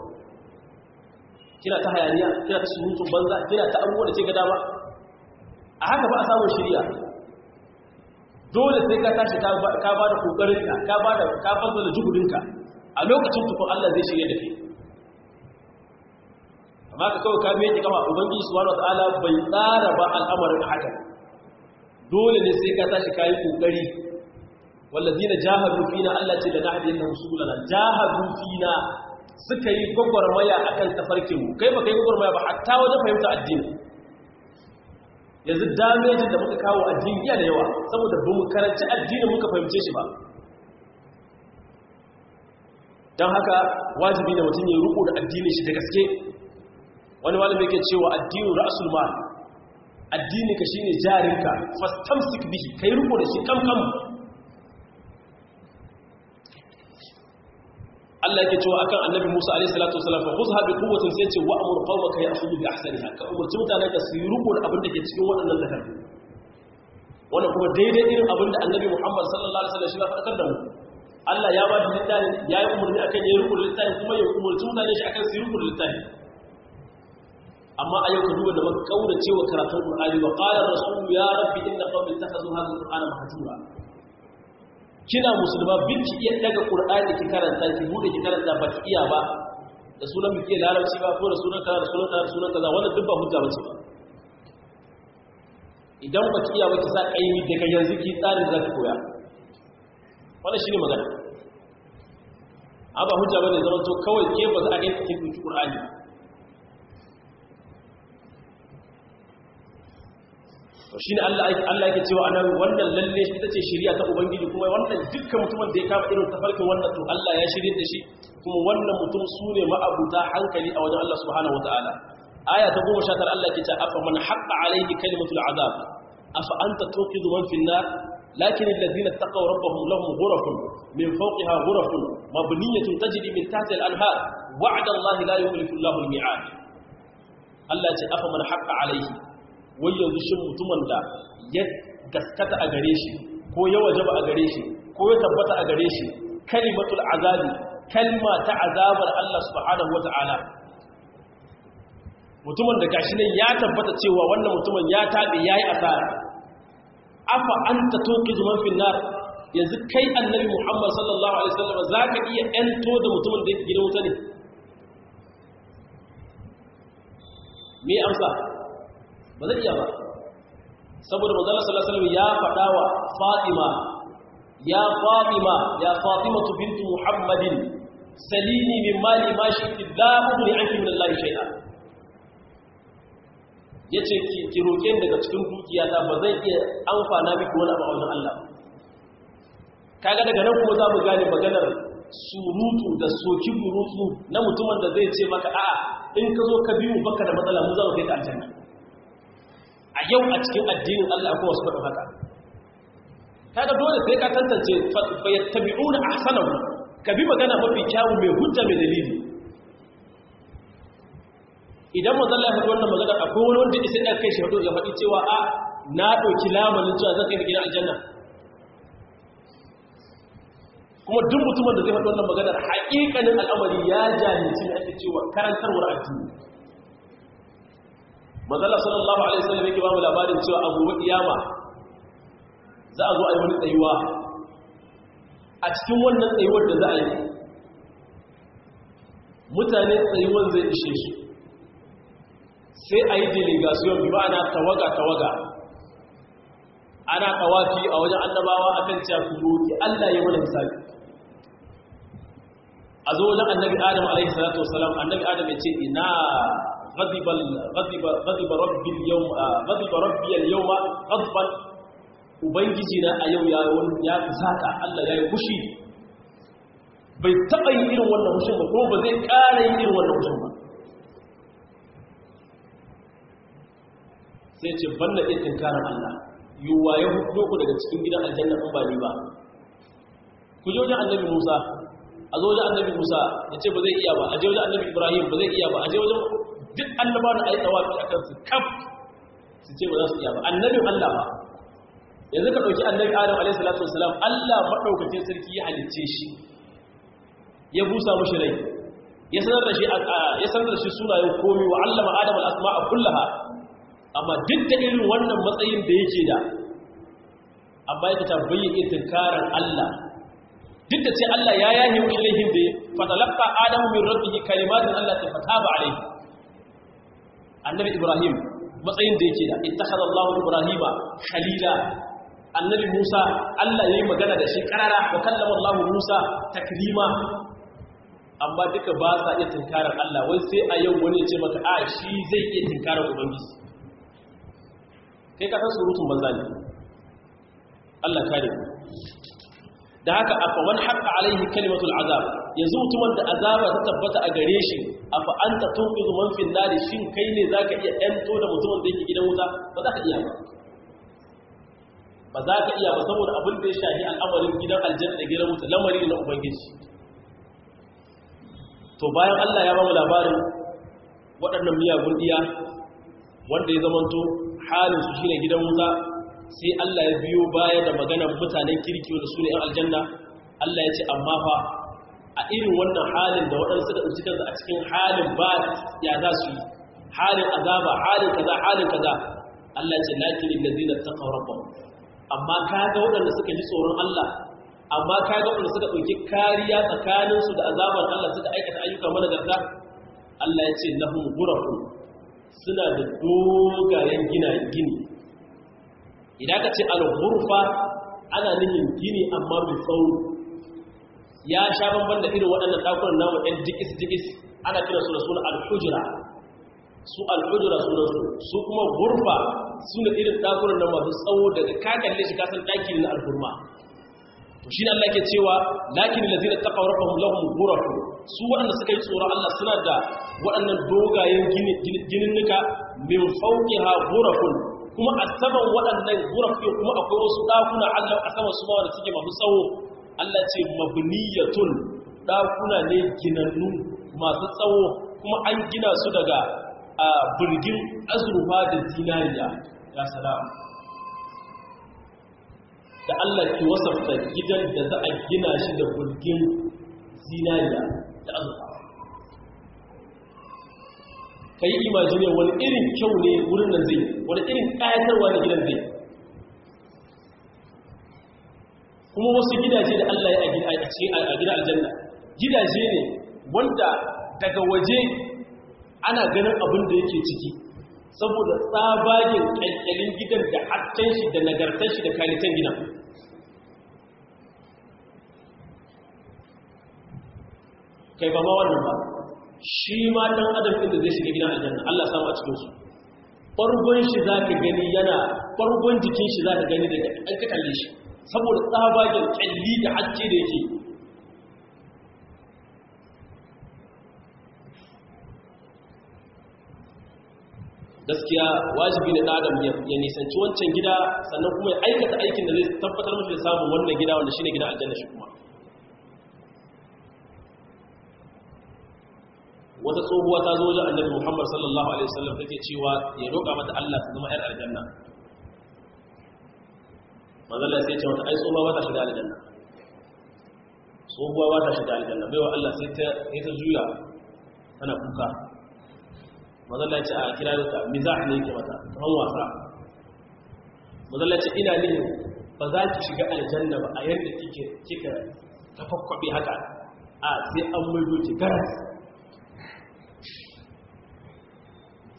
kina ta hayaniya kina ta surutun banza kina ta abubuwa da ce ga dama a haka ba a samun shirya dole sai ka tashi ka ba da kokarin ka ba da ka fasa da ka a lokacin tukun Allah zai shirya da ke amma ka kawai ka mene kawai ubangiji subhanahu ta'ala bai tsara ba al'amarin haka dole ne sai ka tashi kayi kokari wallazina jahadu fina Allah ce da nahdinahum subulana jahadu fina suka yi gwagwarmaya akan tafarkin mu kai baka yi gwagwarmaya ba hatta wajen fahimta addini yanzu damejin da muka kawo addini yana yawa saboda bamu karanci addini muka fahimce shi ba dan haka wajibi ne mutum ya ruku da addini shi da gaske wani malami yake cewa addinu ra'sul mal addini ka shine jarinka fastamsik bihi kai riko da shi kankan Allah yake cewa akan Annabi Musa alayhi salatu wasallam fa khudha bi quwwatin sai ce wa'mur qaumaka ya'khudhu bi ahsaniha ka umurci mutane ka su yi riko da abin da ke cikin waɗannan lakarfi wannan kuma daidai irin abin da Annabi Muhammad sallallahu alaihi wasallam shi ya faɗar da mu Allah ya ba da littafi ya yi umarni akan yayin riko da littafi kuma ya umurci mutane shi akan su yi riko da littafi amma a yau ka duba da maka kaurace cewa karatun Qur'ani ba qala rasul ya rabbi inna qawmi ittakhadhu hadha al-qur'ana mahjura kina musulma binci iya daga Qur'ani ki karanta ki bude ki karanta ba ki iya ba da sunan mu ke ba ko da sunan kaza da sunan kaza da sunan kaza wannan duk ba hujja bace ba idan ba ki iya ba ki sa daga yanzu ki tsarin zaki koya wannan shine magana amma hujja bane zaman to kawai ke ba za a ga ki Qur'ani ba to shine Allah Allah yake cewa anan wannan lalle ita ce shari'a ta ubangiji kuma wannan dukkan mutumin da ya kama irin tafarkin wannan to Allah ya shirye da shi kuma wannan mutum sune ma'abuta hankali a wajen Allah subhanahu wataala aya ta 19 Allah yake cewa afa man haqqa alayhi kalimatul azab afa anta tuqidu man fil nar لكن الذين اتقوا ربهم لهم غرف من min غرف مبنية تجري من تحت الأنهار وعد الله لا يخلف الله الميعاد ce afa man حق عليه wai yanzu shin mutumin da ya gaskata a gare shi ko ya wajaba a gare shi ko ya tabbata a gare shi kalimatul azabi kalma ta azabar Allah subhanahu wata'ala mutumin da gashi nan ya tabbata cewa wannan mutumin ya tabe yayi asara afa anta tuqizu man fil nar yanzu kai annabi Muhammad sallallahu alaihi wasallam zaka iya ento da mutumin da yake gida wuta ne me amsa ba zai iya ba saboda manzala sallallahu ya faɗa wa fatima ya fatima ya fatima bintu muhammadin salini min mali ma shi la ubni anki min allahi shay'a yace ki ki roke daga cikin dukiya ta ba zai iya amfana miki wani abu a Allah kaga daga nan kuma za mu gane maganar surutu da soki burutu na mutumin da zai ce maka a'a in ka zo ka biyu baka da matsala mu za mu kai ta aljanna a yau a cikin addinin Allah akwai wasu faɗin haka kaga dole sai ka tantance tabi'una ahsanahu ka bi magana mafi kyawu mai hujja mai dalili idan mu zalla ya wannan magana akwai wani wanda isa da kai shi faɗo ya faɗi cewa a na ɗauki lamarin cewa zan kai gidan aljanna kuma duk mutumin da zai faɗi wannan maganar haƙiƙanin al'amari ya jahilci ne cewa karantarwar addini manzala sallallahu alaihi wasallam yake ba mu labarin cewa a gobe kiyama za a zo a yi wani tsayuwa a cikin wannan tsayuwar da za a yi mutane tsayuwar zai ishe su sai a yi delegation bi ma'ana tawaga tawaga ana kawafi a wajen annabawa akan cewa ku roki Allah ya mana misali a zo wajen annabi adam alaihi salatu wasalam annabi adam ya ce ina غضب غضب غضب ربي اليوم غضب ربي اليوم غضبا ubangiji na a yau ya ya fusata Allah ya yi fushi bai taɓa yi irin wannan fushin ba ko ba zai ƙara yi irin wannan fushin ba sai ce banda iya tinkarar Allah yiwuwa ya hudu ku daga cikin gidan aljanna in ba ni ba ku je wajen annabi Musa a zo wajen annabi Musa ya ce ba zai iya ba a je wajen annabi Ibrahim ba zai iya ba a je wajen duk annaba da ayi tsawafi akan su kaf su ce ba za su iya ba annabin Allah ba yanzu ka dauki annabi Adam alaihi salatu wasalam Allah madaukakin sarki ya halicce shi ya busa mushi rai ya sanar da shi ya sanar da shi sunayen komai wa allama Adam al-asma'a kullaha amma duk da irin wannan matsayin da yake da amma yake ta bayyana tinkarar Allah duk da ce Allah ya yahi wa ilaihim da ya fatalaqqa adamu min rabbihi kalimatin Allah ta fataba alaihi annabi ibrahim matsayin da yake da ittakhadha Allahu ibrahima khalila annabi musa Allah yayi magana da shi karara wa kallama Allahu musa takirima. amma duka ba sa iya tunkarar Allah wai sai a yau wani ya ce maka a shi zai iya tunkarar ubangiji kai ka san surutun banza ne Allah kare da haka afa man haqqa alaihi kalimatul azab yanzu mutumin da azaba ta tabbata a gare shi a fa tun tunqizu man fil nar kai ne ka iya yanto da mutumin da yake gidan wuta ba za ka iya ba ba za ka iya ba saboda abin da ya shafi al'amarin gidan aljanna da gidan wuta lamari na ubangiji to bayan Allah ya ba mu labarin waɗannan miyagun iya wanda ya zamanto halin su shine gidan wuta sai Allah ya biyo baya da maganar mutanen kirki wanda su ne 'yan aljanna Allah ya ce amma fa a irin wannan halin da waɗansu da tsinci kansu a cikin halin ba ya za su yi halin azaba halin kaza halin kaza Allah ce lakin lillazina taqaw rabbahum amma kaga waɗanda suka ji tsoron Allah amma kaga waɗanda suka ɗauki kariya tsakanin su da azabar Allah suka aikata ayyuka managarta Allah ya ce lahum ghurafu suna da dogayen gina gini idan ka ce al-ghurfa ana nufin gini amma mai tsawo ya sha bamban da irin waɗannan ɗakunan namu ɗan jikis-jikis ana kira su da suna al alhujira su al alhujira su su su kuma gurfa su ne irin ɗakunan na masu tsawo daga kakalle shi kasan ɗaki na alhurma to shi ne Allah ke cewa lakin da da taɓa rafa lahum gurafu su waɗanda suka yi tsoron Allah suna da waɗannan dogayen gininnika min fauki ha gurafun kuma a saman waɗannan gurafu kuma akwai wasu ɗakuna Allah a saman su ma wanda suke masu tsawo Allah ce mabniyatun dakuna ne ginannu masu tsawo kuma an gina su daga a burgin azurfa da zinariya ya salam da Allah ke wasafta gidan da za a gina shi da burgin zinariya da azurfa ka yi imajiniyar wani irin kyau ne wurin nan zai wani irin ƙayatarwa na gidan zai kuma wasu gidaje da Allah ya a gida aljanna gidaje ne wanda daga waje ana ganin abin da yake ciki saboda tsabagen kyalkyalin gidan da haccen shi da nagartar shi da kalitan gina. kai ba ma wannan ba shi ma ɗan adam inda zai shiga gidan aljanna Allah samu a cikinsu ɓargon shi za ka gani yana ɓargon jikin shi za ka gani daga ɗan kalle shi saboda tsabagen kyalli da hacce da yake gaskiya wajibi da adam ya nisanci wancan gida sannan kuma ya aikata aikin da zai tabbatar mashi da samun wannan gida wanda shine gida aljanna shi kuma wata tsohuwa ta zo wajen annabi Muhammad sallallahu alaihi wasallam take cewa ya roƙa mata Allah ta zama 'yar aljanna manzala sai ce mata ai tsohuwa ba ta shiga aljanna tsohuwa ba ta shiga aljanna baiwa Allah sai ta sai ta juya tana kuka manzala ce a kira ta mizah ne yake mata kamar wasa manzala ce ina ne ba za ki shiga aljanna ba a yadda kike kika tafakkwabe haka a sai an mai ki garas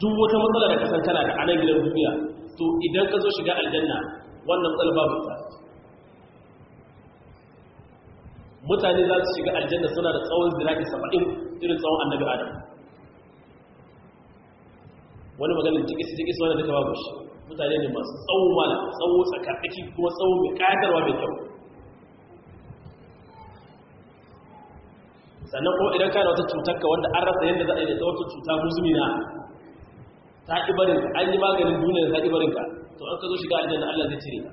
duk wata matsala da kasan tana da anan gidan duniya to idan ka zo shiga aljanna wannan matsala babu ta mutane za su shiga aljanna suna da tsawon zirage saba'in irin tsawon annabi adam wani maganin jikisi jikisi wani duka babu shi mutane ne masu tsawon mala tsawo tsakakaki kuma tsawon mai kayatarwa mai kyau sannan kuma idan kayan wata cutar ka wanda an rasa yadda za a yi da tsawon cuta musulmi na ta ƙi barinka an yi maganin duniya da ta ƙi barinka to an ka zo shiga aljanna Allah zai cire ka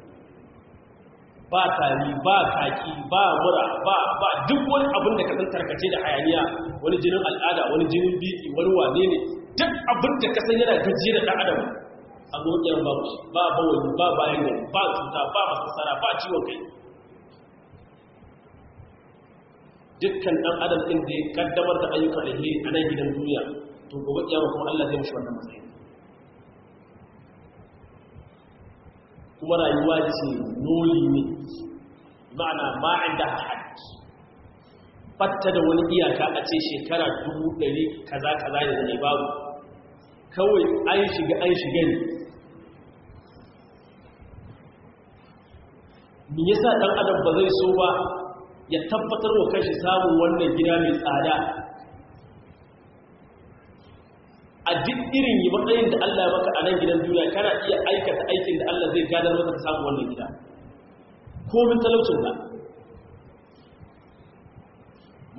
ba tari ba kaki ba mura ba ba duk wani abin da ka san tarkace da hayaniya wani jinin al'ada wani jinin biki wani wane ne duk abin da ka san yana gajiye da dan adam a zuciyar babu shi ba bawani ba bayan gari ba cuta ba masassara ba ciwon kai dukkan dan adam din da ya kaddamar da ayyukan alheri a nan gidan duniya to gobe kiyama kuma Allah zai mishi wannan matsayi kuma rayuwa ce no limit ma'ana inda da haƙƙi fatta da wani iyaka a ce shekara dubu ɗari kaza kaza da zai babu kawai an shiga an shiga ne me yasa dan adam ba zai so ba ya tabbatar wa kashi samun wannan gida mai tsada a duk irin yi matsayin da Allah maka a nan gidan duniya kana iya aikata aikin da Allah zai gadar maka ta samu wannan gida komin talaucin ka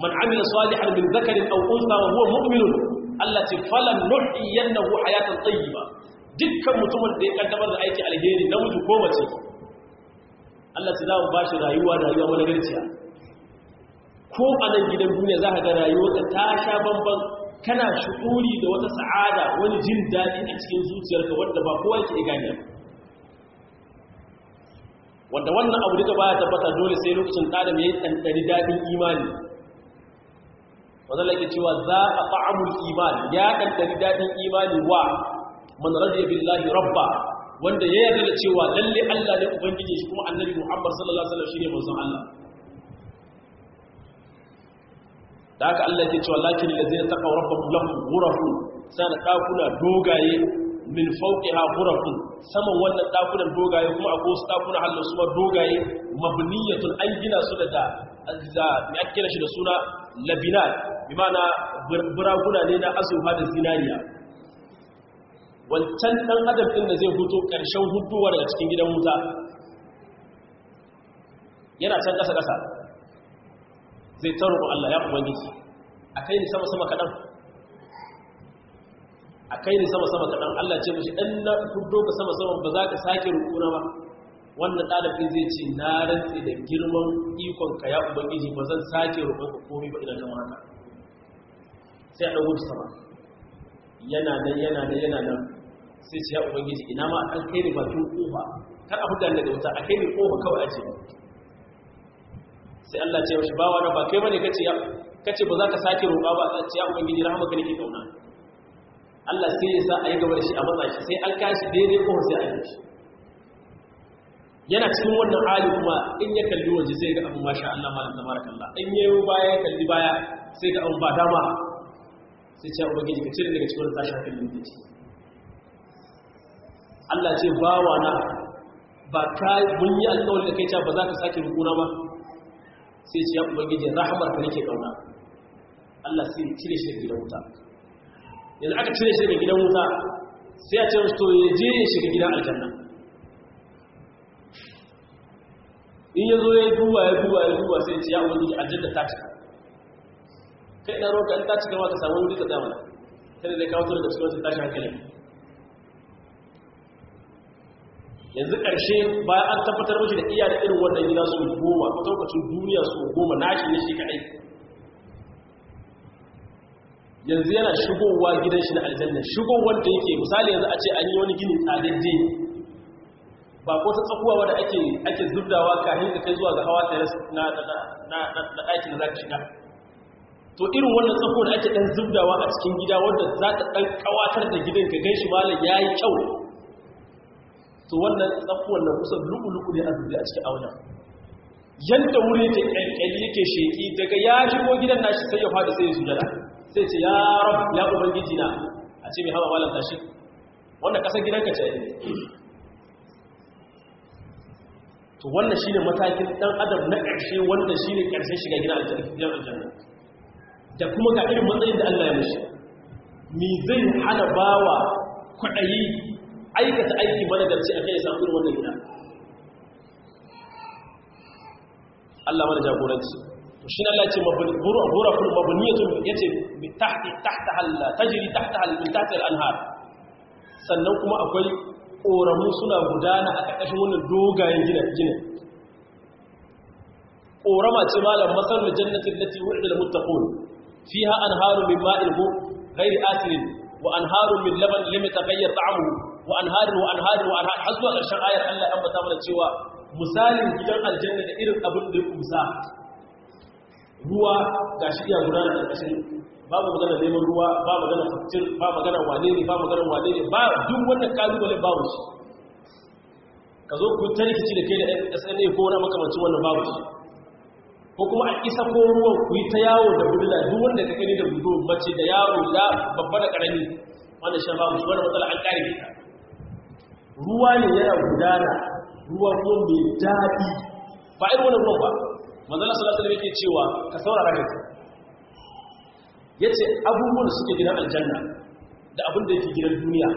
man amila salihan min zakarin aw unsa wa huwa mu'minun Allah ce falan nuhyiyannahu hayatan tayyiba dukkan mutumin da ya kaddamar da aiki alheri na mutu ko mace Allah ce za mu bashi rayuwa rayuwa managarciya ko a nan gidan duniya za ka ga rayuwa ta sha bambam kana shuɗuri da wata sa'ada wani jin daɗi a cikin zuciyarka wanda ba kowa ke gane wanda wannan abu duka baya tabbata dole sai lokacin ɗalim ya yi ɗanɗani daɗin imani wanda lake cewa za a ta'amul imani ya ɗanɗani daɗin imani wa man radiya billahi rabba wanda ya yarda da cewa lalle Allah ne ubangiji shi kuma annabi Muhammad sallallahu alaihi wasallam shine manzon Allah da haka Allah yake cewa lakin allazina taqaw rabbuhum lahum ghurafun sana dakuna dogaye min fawqiha ghurafun saman wannan dakunan dogaye kuma akwai wasu dakuna halin su dogaye mabniyatun an gina su da da me ake kira shi da suna Labinar. bi ma'ana buraguna ne na azurfa da zinariya wancan ɗan adam ɗin da zai huto karshen hutuwa daga cikin gidan wuta yana can ƙasa kasa zai ta roƙon Allah ya ubangiji a kai ni sama sama kaɗan a kai ni sama sama kaɗan Allah ce mashi ɗan na kudo ka sama sama ba za ka sake rukuna ba wannan ɗalafi zai ce na rantse da girman ikon ka ya ubangiji ba zan sake roƙon ka komai ba idan kama haka sai a ɗan wuce sama yana nan yana nan yana nan sai ce ya ubangiji ina ma an kai ni tun kofa kar a hudu daga wuta a kai ni kofa kawai a ce sai Allah ce yaushe bawa na ba kai bane kace ya kace ba za ka sake roƙa ba sai ya ubangiji rahmaka nake kauna Allah sai ya sa a yi gabar shi a matsa shi sai an kashi daidai ko sai an yi yana cikin wannan hali kuma in ya kalli waje zai ga abin masha Allah malam kalla in yi baya ya kalli baya sai ga abin ba dama sai ce ubangiji ka cire daga cikin tashin hankalin da Allah ce bawa na ba ka mun yi alƙawari da kai cewa ba za ka sake rukuna ba sai ce ya ubangiji rahamar ka nake kauna Allah sai cire shi daga gidan wuta yanzu aka cire shi daga gidan wuta sai ya ce musu to ya je ya shiga gidan aljanna in ya zo ya yi duba ya duba ya duba sai ce ya ubangiji aljanna ta cika kai na roƙa in ta cika ma ka samu wuri ka zamana kada da kawo daga cikin wata tashin hankali yanzu ƙarshe ba an tabbatar mashi da iya da irin wannan gida su goma lokacin duniya su goma nashi ne shi kaɗai yanzu yana shigowa gidan shi na aljanna shigowar da yake misali yanzu a ce an yi wani gini tsadadde ba ko ta tsakuwa da ake ake zubdawa kafin ka kai zuwa ga hawa tare na na na ɗakin da za ka shiga to irin wannan tsakuwa da ake dan zurdawa a cikin gida wanda za ta ɗan ƙawatar da gidan ka gan shi malam ya yi kyau to wannan tsakuwar na kusa lu'ulu'u ne a dubi a cikin auren yadda wuri yake ƙyanƙyali yake sheƙi daga ya shigo gidan nashi sai ya faɗi sai ya sujada sai ce ya rab ya ubangiji na a ce mai hawa malam tashi wannan ƙasar gidanka ce to wannan shine matakin dan adam na ƙarshe wanda shine ƙarshen shiga gidan aljanna da kuma ga irin matsayin da Allah ya mishi me zai hana bawa kwaɗayi aikata aiki managarci akan ya samu wannan gida Allah mana jagoranci to shi Allah ce mabduru buraful mabniyatun yace bi tahti tahta halla tajri tahta hal min tahti al anhar sannan kuma akwai koramu suna gudana a ƙarƙashin wannan dogayen gida. ginin korama ce malam masalul jannati allati wu'ida lil muttaqun fiha anharu min ma'in ghairi asirin wa anharu min laban lam yataghayyar ta'amuhu wa anharin wa anharin wa anharin har zuwa ƙarshen Allah ya ambata cewa misalin gidan aljanna da irin abin da ya kusa ruwa gashi shi ya gudana da ƙarshen ba magana neman ruwa ba magana fatir ba magana wane ne ba magana wane ne ba duk wannan kalubale babu shi ka zo ku ta rikici da kai da SNA ko wani makamancin wannan babu shi ko kuma a isa ko ruwan ku yi ta yawo da bulla, duk wanda ka gani da budu mace da yaro da babba da karami wannan shan babu shi wannan matsala an kare ta ruwa ne yana gudana ruwa ko mai daɗi ba irin wani ruwan ba manzana da yake cewa ka saurara ka ya ce abubuwan suke gidan aljanna da abin da yake gidan duniya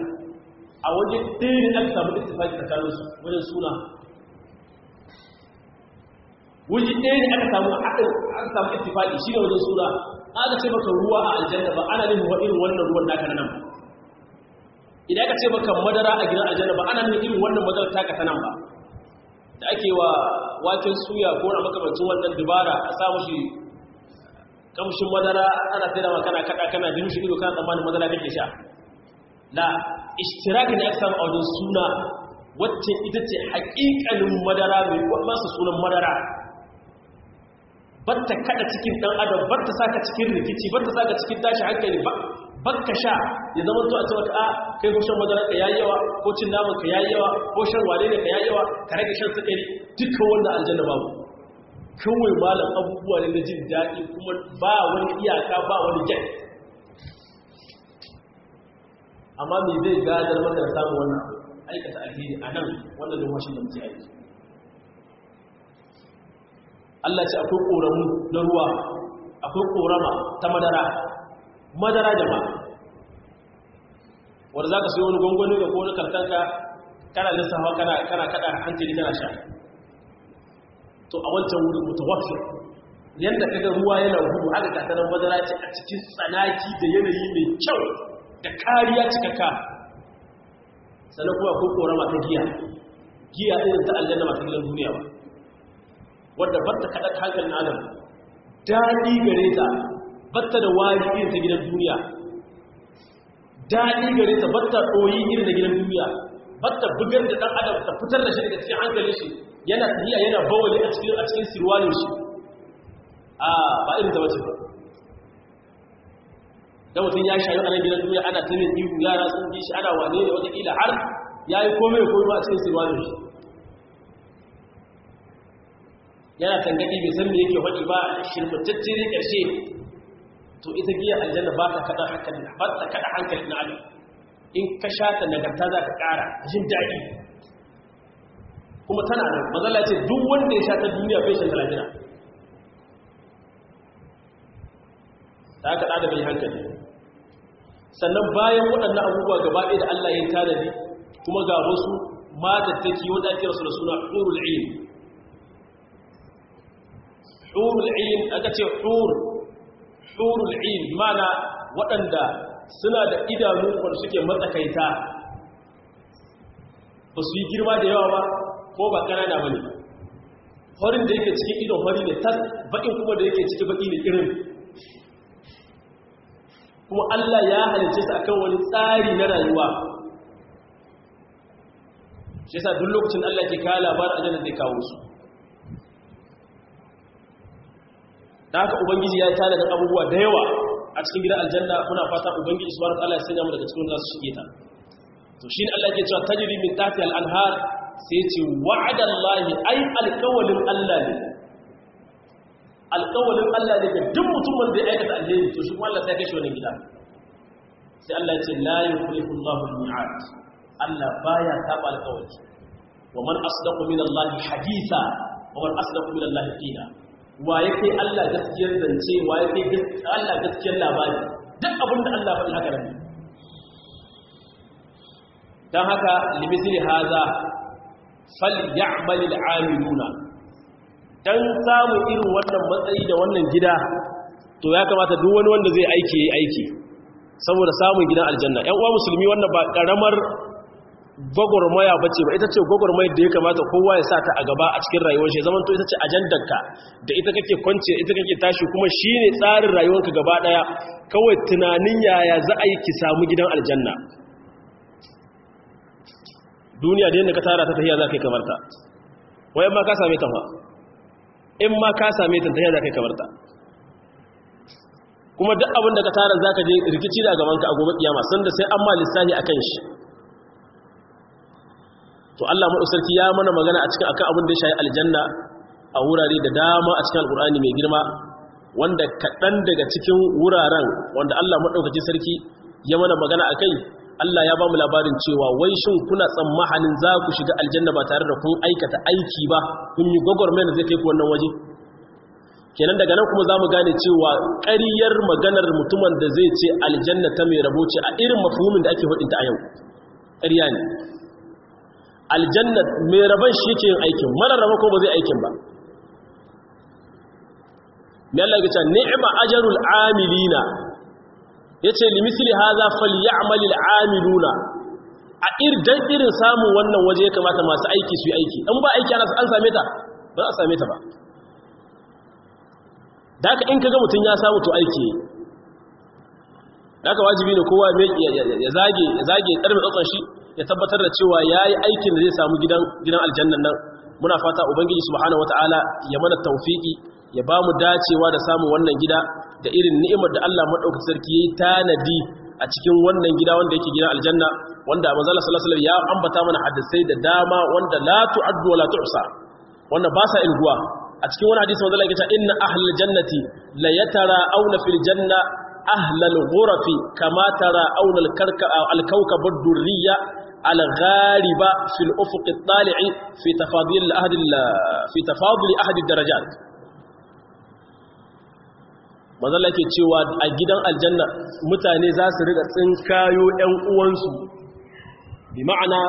a waje ɗaya ne aka samu ittifaki tsakanin su wajen suna waje ɗaya ne aka samu aka samu shi ne wajen suna ana ce maka ruwa a aljanna ba ana nufin wa irin wannan ruwan naka na nan ba idan ka ce maka madara a gidan aljanna ba ana nufin irin wannan madara ta ta nan ba da ake wa waken suya ko na makamancin wannan dubara a sa mushi kamshin madara ana tsira kana kada kana jin shi ido kana tsammanin madara kake sha la ishtiraki da aka samu suna wacce ita ce haƙiƙanin madara mai masa sunan madara batta kada cikin dan adam batta saka cikin rikici batta saka cikin tashi hankali ba bakka sha ya zama to a ce maka a ah, kai ko shan madara ka yayyawa ko cin naman ka yayyawa yawa ko shan wale ne ka yayyawa ka rage shan sukari dukkan wanda aljanna babu kawai malam abubuwa ne na jin daɗi kuma ba wani iyaka ba wani jan amma me zai ga maka da samun wannan aikata alheri a nan wannan numfashin da muke aiki Allah ce akwai ƙoramu na ruwa akwai ƙorama ta madara madara da ma wanda za ka sai wani gwangwani da ko na karkanka kana lissafa kana kana kada hankali kana sha to a wancan wurin mutawaffir yanda kaga ruwa yana gudu haka ka madara ce a cikin tsanaki da yanayi mai kyau da kariya cikakka sannan kuma ko kora mata giya giya irin ta aljanna mata gidan duniya ba wadda ba ta kaɗa hankalin adam daɗi gare ta batta da wari irin ta gidan duniya daɗi gare ta batta ɗoyi irin da gidan duniya batta bugar da ɗan adam ta fitar da shi daga cikin hankalin shi yana tafiya yana bawali a cikin a cikin sirwalin shi a ba irin ta bace ba da mutum ya shayi a nan gidan duniya ana ta min ihu yara sun fi shi ana wane da wataƙila har ya yi komai komai a cikin sirwalin shi yana tangaɗi bai san me yake faɗi ba shirmataccen ƙarshe to ita giya aljanna ba ta kada hankali ba ta kada hankali na adam in ka sha ta nagarta za ka ƙara jin daɗi kuma tana nan mazala ce duk wanda ya sha ta duniya bai shan talajina ta kaɗa da mai hankali sannan bayan waɗannan abubuwa gaba ɗaya da Allah ya tanadi kuma ga wasu mata matattaki wanda ake rasu da suna hurul ilm hurul ilm aka ce hurul turul in mana waɗanda suna da idanu wanda suke matsakaita ba su yi girma da yawa ba ko ba ƙanana ba ne Horin da yake cikin idon hori ne tas baƙin kuma da yake cikin baƙi ne irin kuma Allah ya halice su akan wani tsari na rayuwa shi yasa duk lokacin Allah ke ba labarin ajanar da kawo su da haka ubangiji ya yi tanadin abubuwa da yawa a cikin gidan aljanna muna fata ubangiji subhanahu wa ta'ala ya sanya mu daga cikin zasu shige ta to shi shine Allah ke cewa tajri min tahti al-anhar sai ce wa'ada Allah ai alkawalin Allah ne Alkawalin Allah ne ga duk mutumin da ya aikata alheri to shi kuma Allah sai ya kashe wannan gida sai Allah ya ce la yukhlifu Allahu al-mi'ad Allah baya saba alqawli wa man asdaqu min Allah haditha wa man asdaqu min Allah qila wa ya kai Allah gaskiyar zance wa ya kai Allah gaskiyar labari duk abin da Allah faɗi haka rabi don haka limisiri haza fal ya'mal al'amiluna dan samu irin wannan matsayi da wannan gida to ya kamata duk wani wanda zai aiki yayi aiki saboda samun gidan aljanna ƴan uwa musulmi wannan ba karamar gwagwarmaya ba ce ba ita ce gwagwarmayar da ya kamata kowa ya sa ta a gaba a cikin rayuwar shi zamanto to ita ce ajandarka da ita kake kwance ita kake tashi kuma shi ne tsarin rayuwarka gaba daya kawai tunanin yaya za a yi ki samu gidan aljanna duniya da yadda ka tara ta tafiya za ka yi kamarta wayan ma ka same ta fa in ma ka same ta tafiya za ka yi kamarta kuma duk abin da ka tara za ka je rikici da ka a gobe kiyama sanda sai an ma lissafi a kan shi to Allah maɗausarki ya mana magana a cikin akan abin da ya shayi aljanna a wurare da dama a cikin alkur'ani mai girma wanda kaɗan daga cikin wuraren wanda Allah maɗaukacin sarki ya mana magana a kai Allah ya ba mu labarin cewa wai shin kuna tsammanin za ku shiga aljanna ba tare da kun aikata aiki ba kun yi gwagwarmayar da zai kai ku wannan waje kenan daga nan kuma za mu gane cewa ƙaryar maganar mutumin da zai ce aljanna ta mai rabo ce a irin mafuhumin da ake faɗinta a yau ƙarya ne aljannat mai rabon shi ke yin aikin mara raba ko ba zai aikin ba mai Allah ya ce ni'ma ajrul amilina yace limisli hadha falyamal alamiluna a irdan irin samun wannan waje ya kamata masu aiki su yi aiki in ba aiki ana an same ta ba za a same ta ba da haka in kaga mutum ya samu to aiki da haka wajibi ne kowa ya zage ya zage karfe shi ya tabbatar da cewa yayi aikin da zai samu gidan gidan aljannan nan muna fata ubangiji subhanahu wataala ya mana taufiki ya ba mu dacewa da samun wannan gida da irin ni'imar da Allah madaukakin sarki yayi tanadi a cikin wannan gida wanda yake gidan aljanna wanda manzo Allah ya ambata mana hadisai da dama wanda la tu'addu wa la tuhsa wanda ba sa irguwa a cikin wani hadisi manzo Allah ya ce inna ahlal jannati la yatara awna fil janna ahlal ghurafi kama tara awna al-kawkab ad-durriya الغالبة في الأفق الطالع في تفاضل أحد في تفاضل أحد الدرجات manzala ke cewa a gidan aljanna mutane za su riga tsinkayo 'yan uwansu bi ma'ana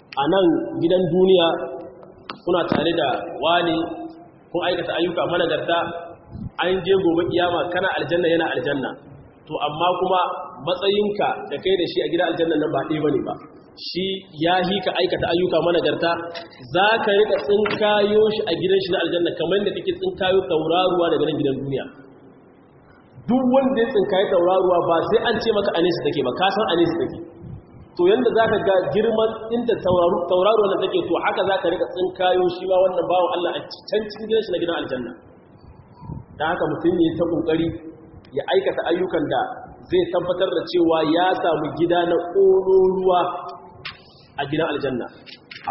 a nan gidan duniya kuna tare da wani kun aikata ayyuka managarta an je gobe iyama kana aljanna yana aljanna to amma kuma matsayinka da kai da shi a gidan aljanna nan ba ɗaya ne ba shi ya hi ka aikata ayyuka managarta za ka rika kayo shi a gidan shi na aljanna kamar da kake kayo tauraruwa daga nan gidan duniya duk wanda ya tsinkaye tauraruwa ba sai an ce maka anisa take ba ka san anisa take to yanda za ka ga girman inda tauraruwa na take to haka za ka rika kayo shi ma wannan bawan Allah a can cikin gidan shi na gidan aljanna da haka mutum ne ta kokari ya aikata ayyukan da zai tabbatar da cewa ya samu gida na ƙoro a gidan aljanna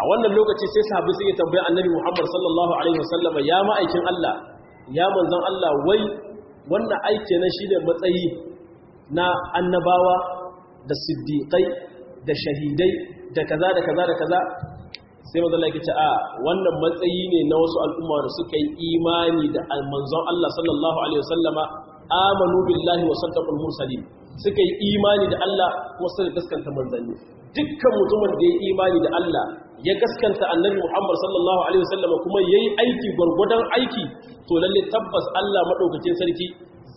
a wannan lokaci sai sahabi suke tambaya annabi Muhammad sallallahu alaihi wasallam ya ma'aikin Allah ya manzon Allah wai wannan aiki na shi ne matsayi na annabawa da siddiqai da shahidai da kaza da kaza da kaza sai manzon Allah yake a wannan matsayi ne na wasu al'umma da suka yi imani da manzon Allah sallallahu alaihi wasallama amanu billahi wa saddaqul mursalin suka yi imani da Allah kuma suka gaskanta manzanni dukkan mutumin da ya yi imani da Allah ya gaskanta annabi Muhammad sallallahu alaihi wasallam kuma yayi aiki gurgudan aiki to lalle tabbas Allah madaukakin sarki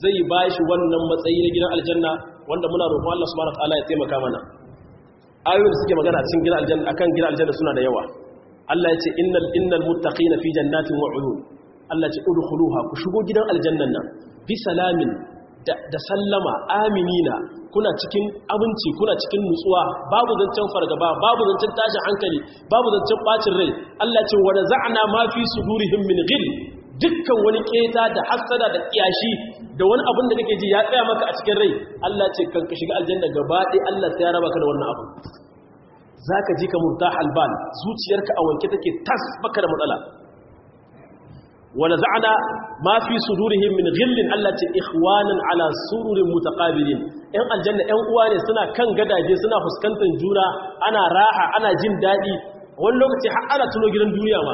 zai bashi wannan matsayi na gidan aljanna wanda muna roƙon Allah subhanahu wataala ya taimaka mana ayoyin da suke magana cikin gidan aljanna akan gidan aljanna suna da yawa Allah ya ce innal innal muttaqina fi jannatin wa uyun Allah ya ce udkhuluha ku shigo gidan aljannan nan bi salamin da sallama aminina kuna cikin abinci kuna cikin nutsuwa babu zancen fargaba babu zancen tashin hankali babu zancen bacin rai Allah ce wa za'ana ma fi sudurihim min ghil dukkan wani keta da hasada da kiyashi da wani abin da kake ji ya tsaya maka a cikin rai Allah ce kan ka shiga aljanna gaba ɗaya Allah sai ya raba ka da wannan abu zaka ji ka murta albal zuciyarka a wanke take tas baka da matsala wala za'ana ma fi sudurihim min ghillin Allah ce ikhwanan ala sururin mutaqabilin ɗan aljanna ɗan uwa ne suna kan gadaje suna fuskantar juna ana raha ana jin daɗi wani lokaci har ana tuno gidan duniya ma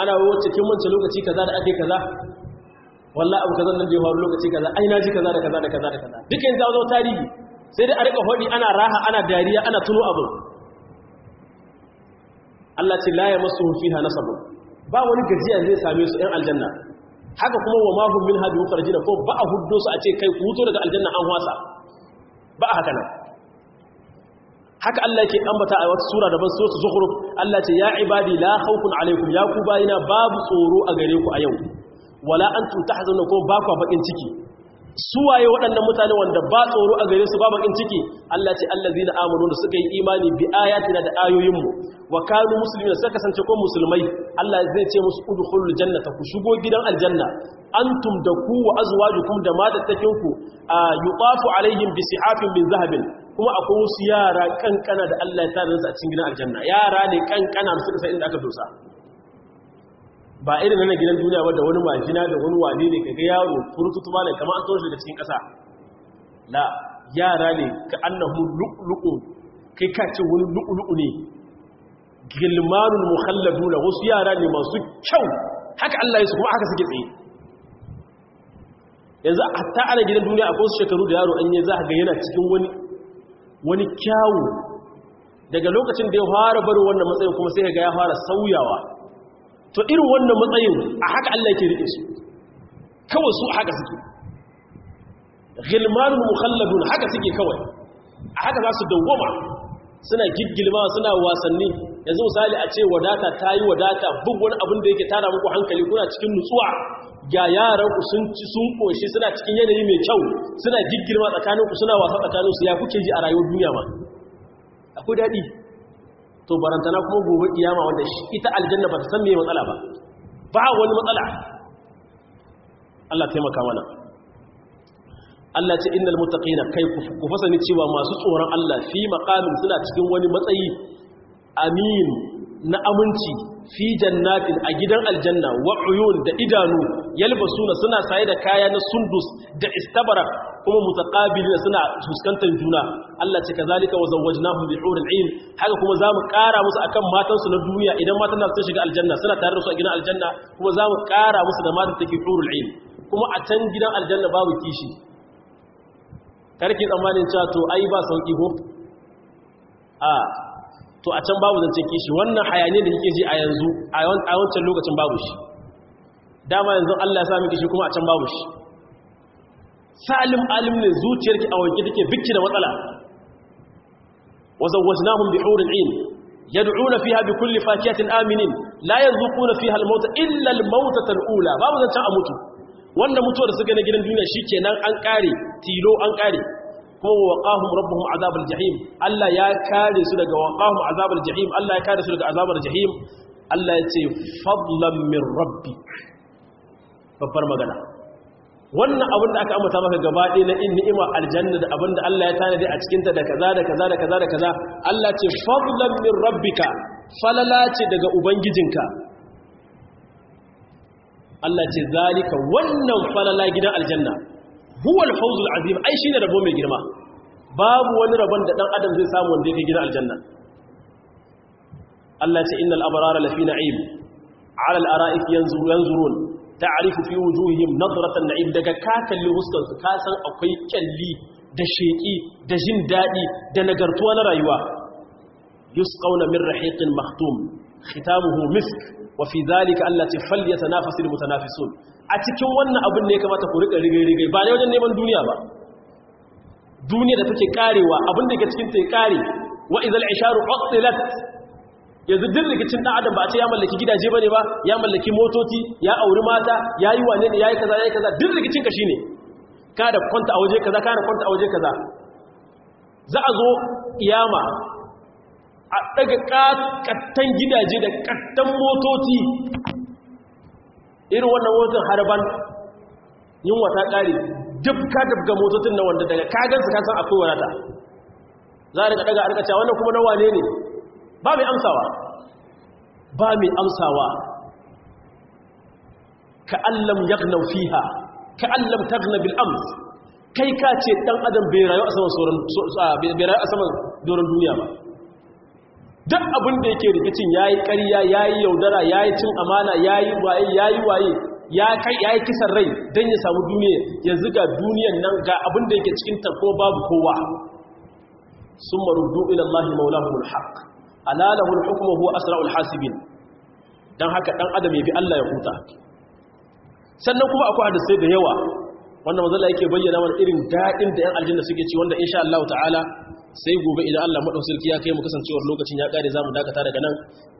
ana wacce kin wancan lokaci kaza da ake kaza wallah abu kaza nan da ya faru lokaci kaza ai na ji kaza da kaza da kaza da kaza duka yanzu zo tarihi sai dai a rika hodi ana raha ana dariya ana tuno abu Allah ce la yamassuhu fiha nasabun ba wani gajiya zai same su 'yan aljanna haka kuma wa mahun min hadu farjina ko ba a hudo su a ce kai hutu daga aljanna an wasa ba a haka nan haka Allah yake ambata a wata sura daban sura zukhruf Allah ce ya ibadi la khawfun alaykum ya ku bayina babu tsoro a gare ku a yau wala an antum tahzanuna ko ba ku bakin ciki Su waye waɗannan mutane wanda ba tsoro a gare su ba bakin ciki Allah ce allazi na amanu da suka yi imani bi ayatina da ayoyinmu wa kanu muslimina suka kasance ko musulmai Allah zai ce musu udkhulul jannata ku shigo gidan aljanna antum da ku wa azwajukum da takin ku yuqafu alaihim bi sihafin min zahabin kuma akwai wasu yara kankana da Allah ya tare su a cikin gidan aljanna yara ne kankana da suka san inda aka dosa ba irin nan gidan duniya ba da wani majina da wani wane ne kaga yaro furtutu ba ne kamar an taushe daga cikin ƙasa la yara ne ka annahu lu'lu'u kai ka ce wani lu'lu'u ne gilmanul la wasu yara ne masu kyau haka Allah ya su kuma haka suke tsaye yanzu hatta ana gidan duniya akwai wasu shekaru da yaro an yi za ga yana cikin wani wani kyawu daga lokacin da ya fara baro wannan matsayin kuma sai ga ya fara sauyawa to irin wannan matsayin a haka Allah yake rike su kawai su haka suke gilmanu mukhalladun haka suke kawai a haka za su dawoma suna giggilma suna wasanni yanzu misali a ce wadata ta yi wadata bug wani abin da yake tara muku hankali kuna cikin nutsuwa ga yaran ku sun ci sun koshi suna cikin yanayi mai kyau suna giggilma tsakanin suna wasa tsakanin su ya kuke ji a rayuwar duniya ma akwai daɗi to barantana kuma gobe kiyama wanda ita aljanna ba ta san me matsala ba ba wani matsala Allah taimaka mana Allah ce innal muttaqina kai ku fasani cewa masu tsoron Allah fi maqamin suna cikin wani matsayi amin na aminci fi jannatin a gidan aljanna wa uyun da idanu yalbasuna suna saye da kaya na sundus da istabara kuma mutaqabilina suna fuskantar juna Allah ce kazalika wa zawwajnahum bi hurin ain haka kuma zamu kara musu akan matan su na duniya idan matan na sun shiga aljanna suna tare da su a gidan aljanna kuma zamu kara musu da matan take hurul ain kuma a can gidan aljanna babu kishi karki tsammanin cewa to ai ba sauki ko a to a can babu zancen kishi wannan hayaniyar da kike ji a yanzu a wancan lokacin babu shi dama yanzu Allah ya sa miki shi kuma a can babu shi salim alim ne zuciyarki a wanke take bikki da matsala wazawwajnahum bihurin in yad'una fiha bikulli fakiyatin aminin la yazuquna fiha al-mauta illa al-mautata al-ula babu zance a mutu wannan mutuwar da suka na gidan duniya shikenan an kare tilo an kare kuma waqahum rabbuhum azabal jahim Allah ya kare su daga waqahum azabal jahim Allah ya kare su daga azabar jahim Allah ya ce fadlan min rabbi babbar magana wannan abin da aka ambata maka gaba ɗaya na in ni'ima aljanna da abin Allah ya tanadi a cikinta da kaza da kaza da kaza da kaza Allah ce fadlan min rabbika falala ce daga ubangijinka Allah ce zalika wannan falala gidan aljanna Huwa fawzul azim ai shine rabo mai girma babu wani rabon da dan adam zai samu wanda yake gina aljanna Allah ce innal abrara lafi na'im ala al-ara'ik yanzurun ta'rifu fi wujuhihim nadratan na'im daga ka kalli huskan su ka san akwai kyalli da sheki da jin dadi da nagartuwa na rayuwa yusqawna min rahiqin mahtum khitamuhu misk wa fi zalika Allah ce falyatanafasul mutanafisun a cikin wannan abin ne ya kamata ku rika rigai-rigai ba ne wajen neman duniya ba duniya da take karewa abin da ke cikin ta kare wa idhal isharu uqtilat yanzu duk rikicin dan adam ba a ce ya mallaki gidaje bane ba ya mallaki motoci ya auri mata yayi wane ne yayi kaza yayi kaza duk rikicin ka shine ka da kwanta a waje kaza ka da kwanta a waje kaza za a zo kiyama a daga kattan gidaje da kattan motoci irin wannan motocin harban yin wata ƙari dubka dubga motocin na wanda daga kagansu kasan akwai wadata za a daga daga arkaca wannan kuma na wane ne ba mai amsawa ba mai amsawa ka'allam yagnau fiha ka'allam tagna bil ams kai ka ce dan adam bai rayu a saman doron duniya ba duk abin da yake rikicin yayi ƙarya yayi yaudara yayi cin amana yayi waye yayi waye ya kai yayi kisan rai dan ya samu duniya yanzu ga duniyan nan ga abin da yake cikin ta ko babu kowa summa ruddu ila Allah mawlahu alhaq ala alhukmu huwa asra'ul hasibin dan haka dan adam ya bi Allah ya huta sannan kuma akwai sai da yawa wanda mazala yake bayyana wani irin daɗin da 'yan aljanna suke ci wanda insha Allah ta'ala sai gobe idan Allah madaukakin ya kai mu kasancewar lokacin ya kare zamu dakata daga nan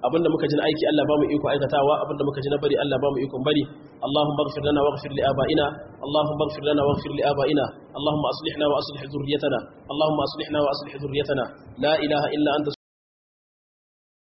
abinda muka ji aiki Allah ba mu iko aikatawa abinda muka ji na bari Allah ba mu iko bari Allahumma ighfir lana waghfir li abaina Allahumma ighfir lana waghfir li abaina Allahumma aslihna wa aslih dhurriyyatana Allahumma aslihna wa aslih dhurriyyatana la ilaha illa anta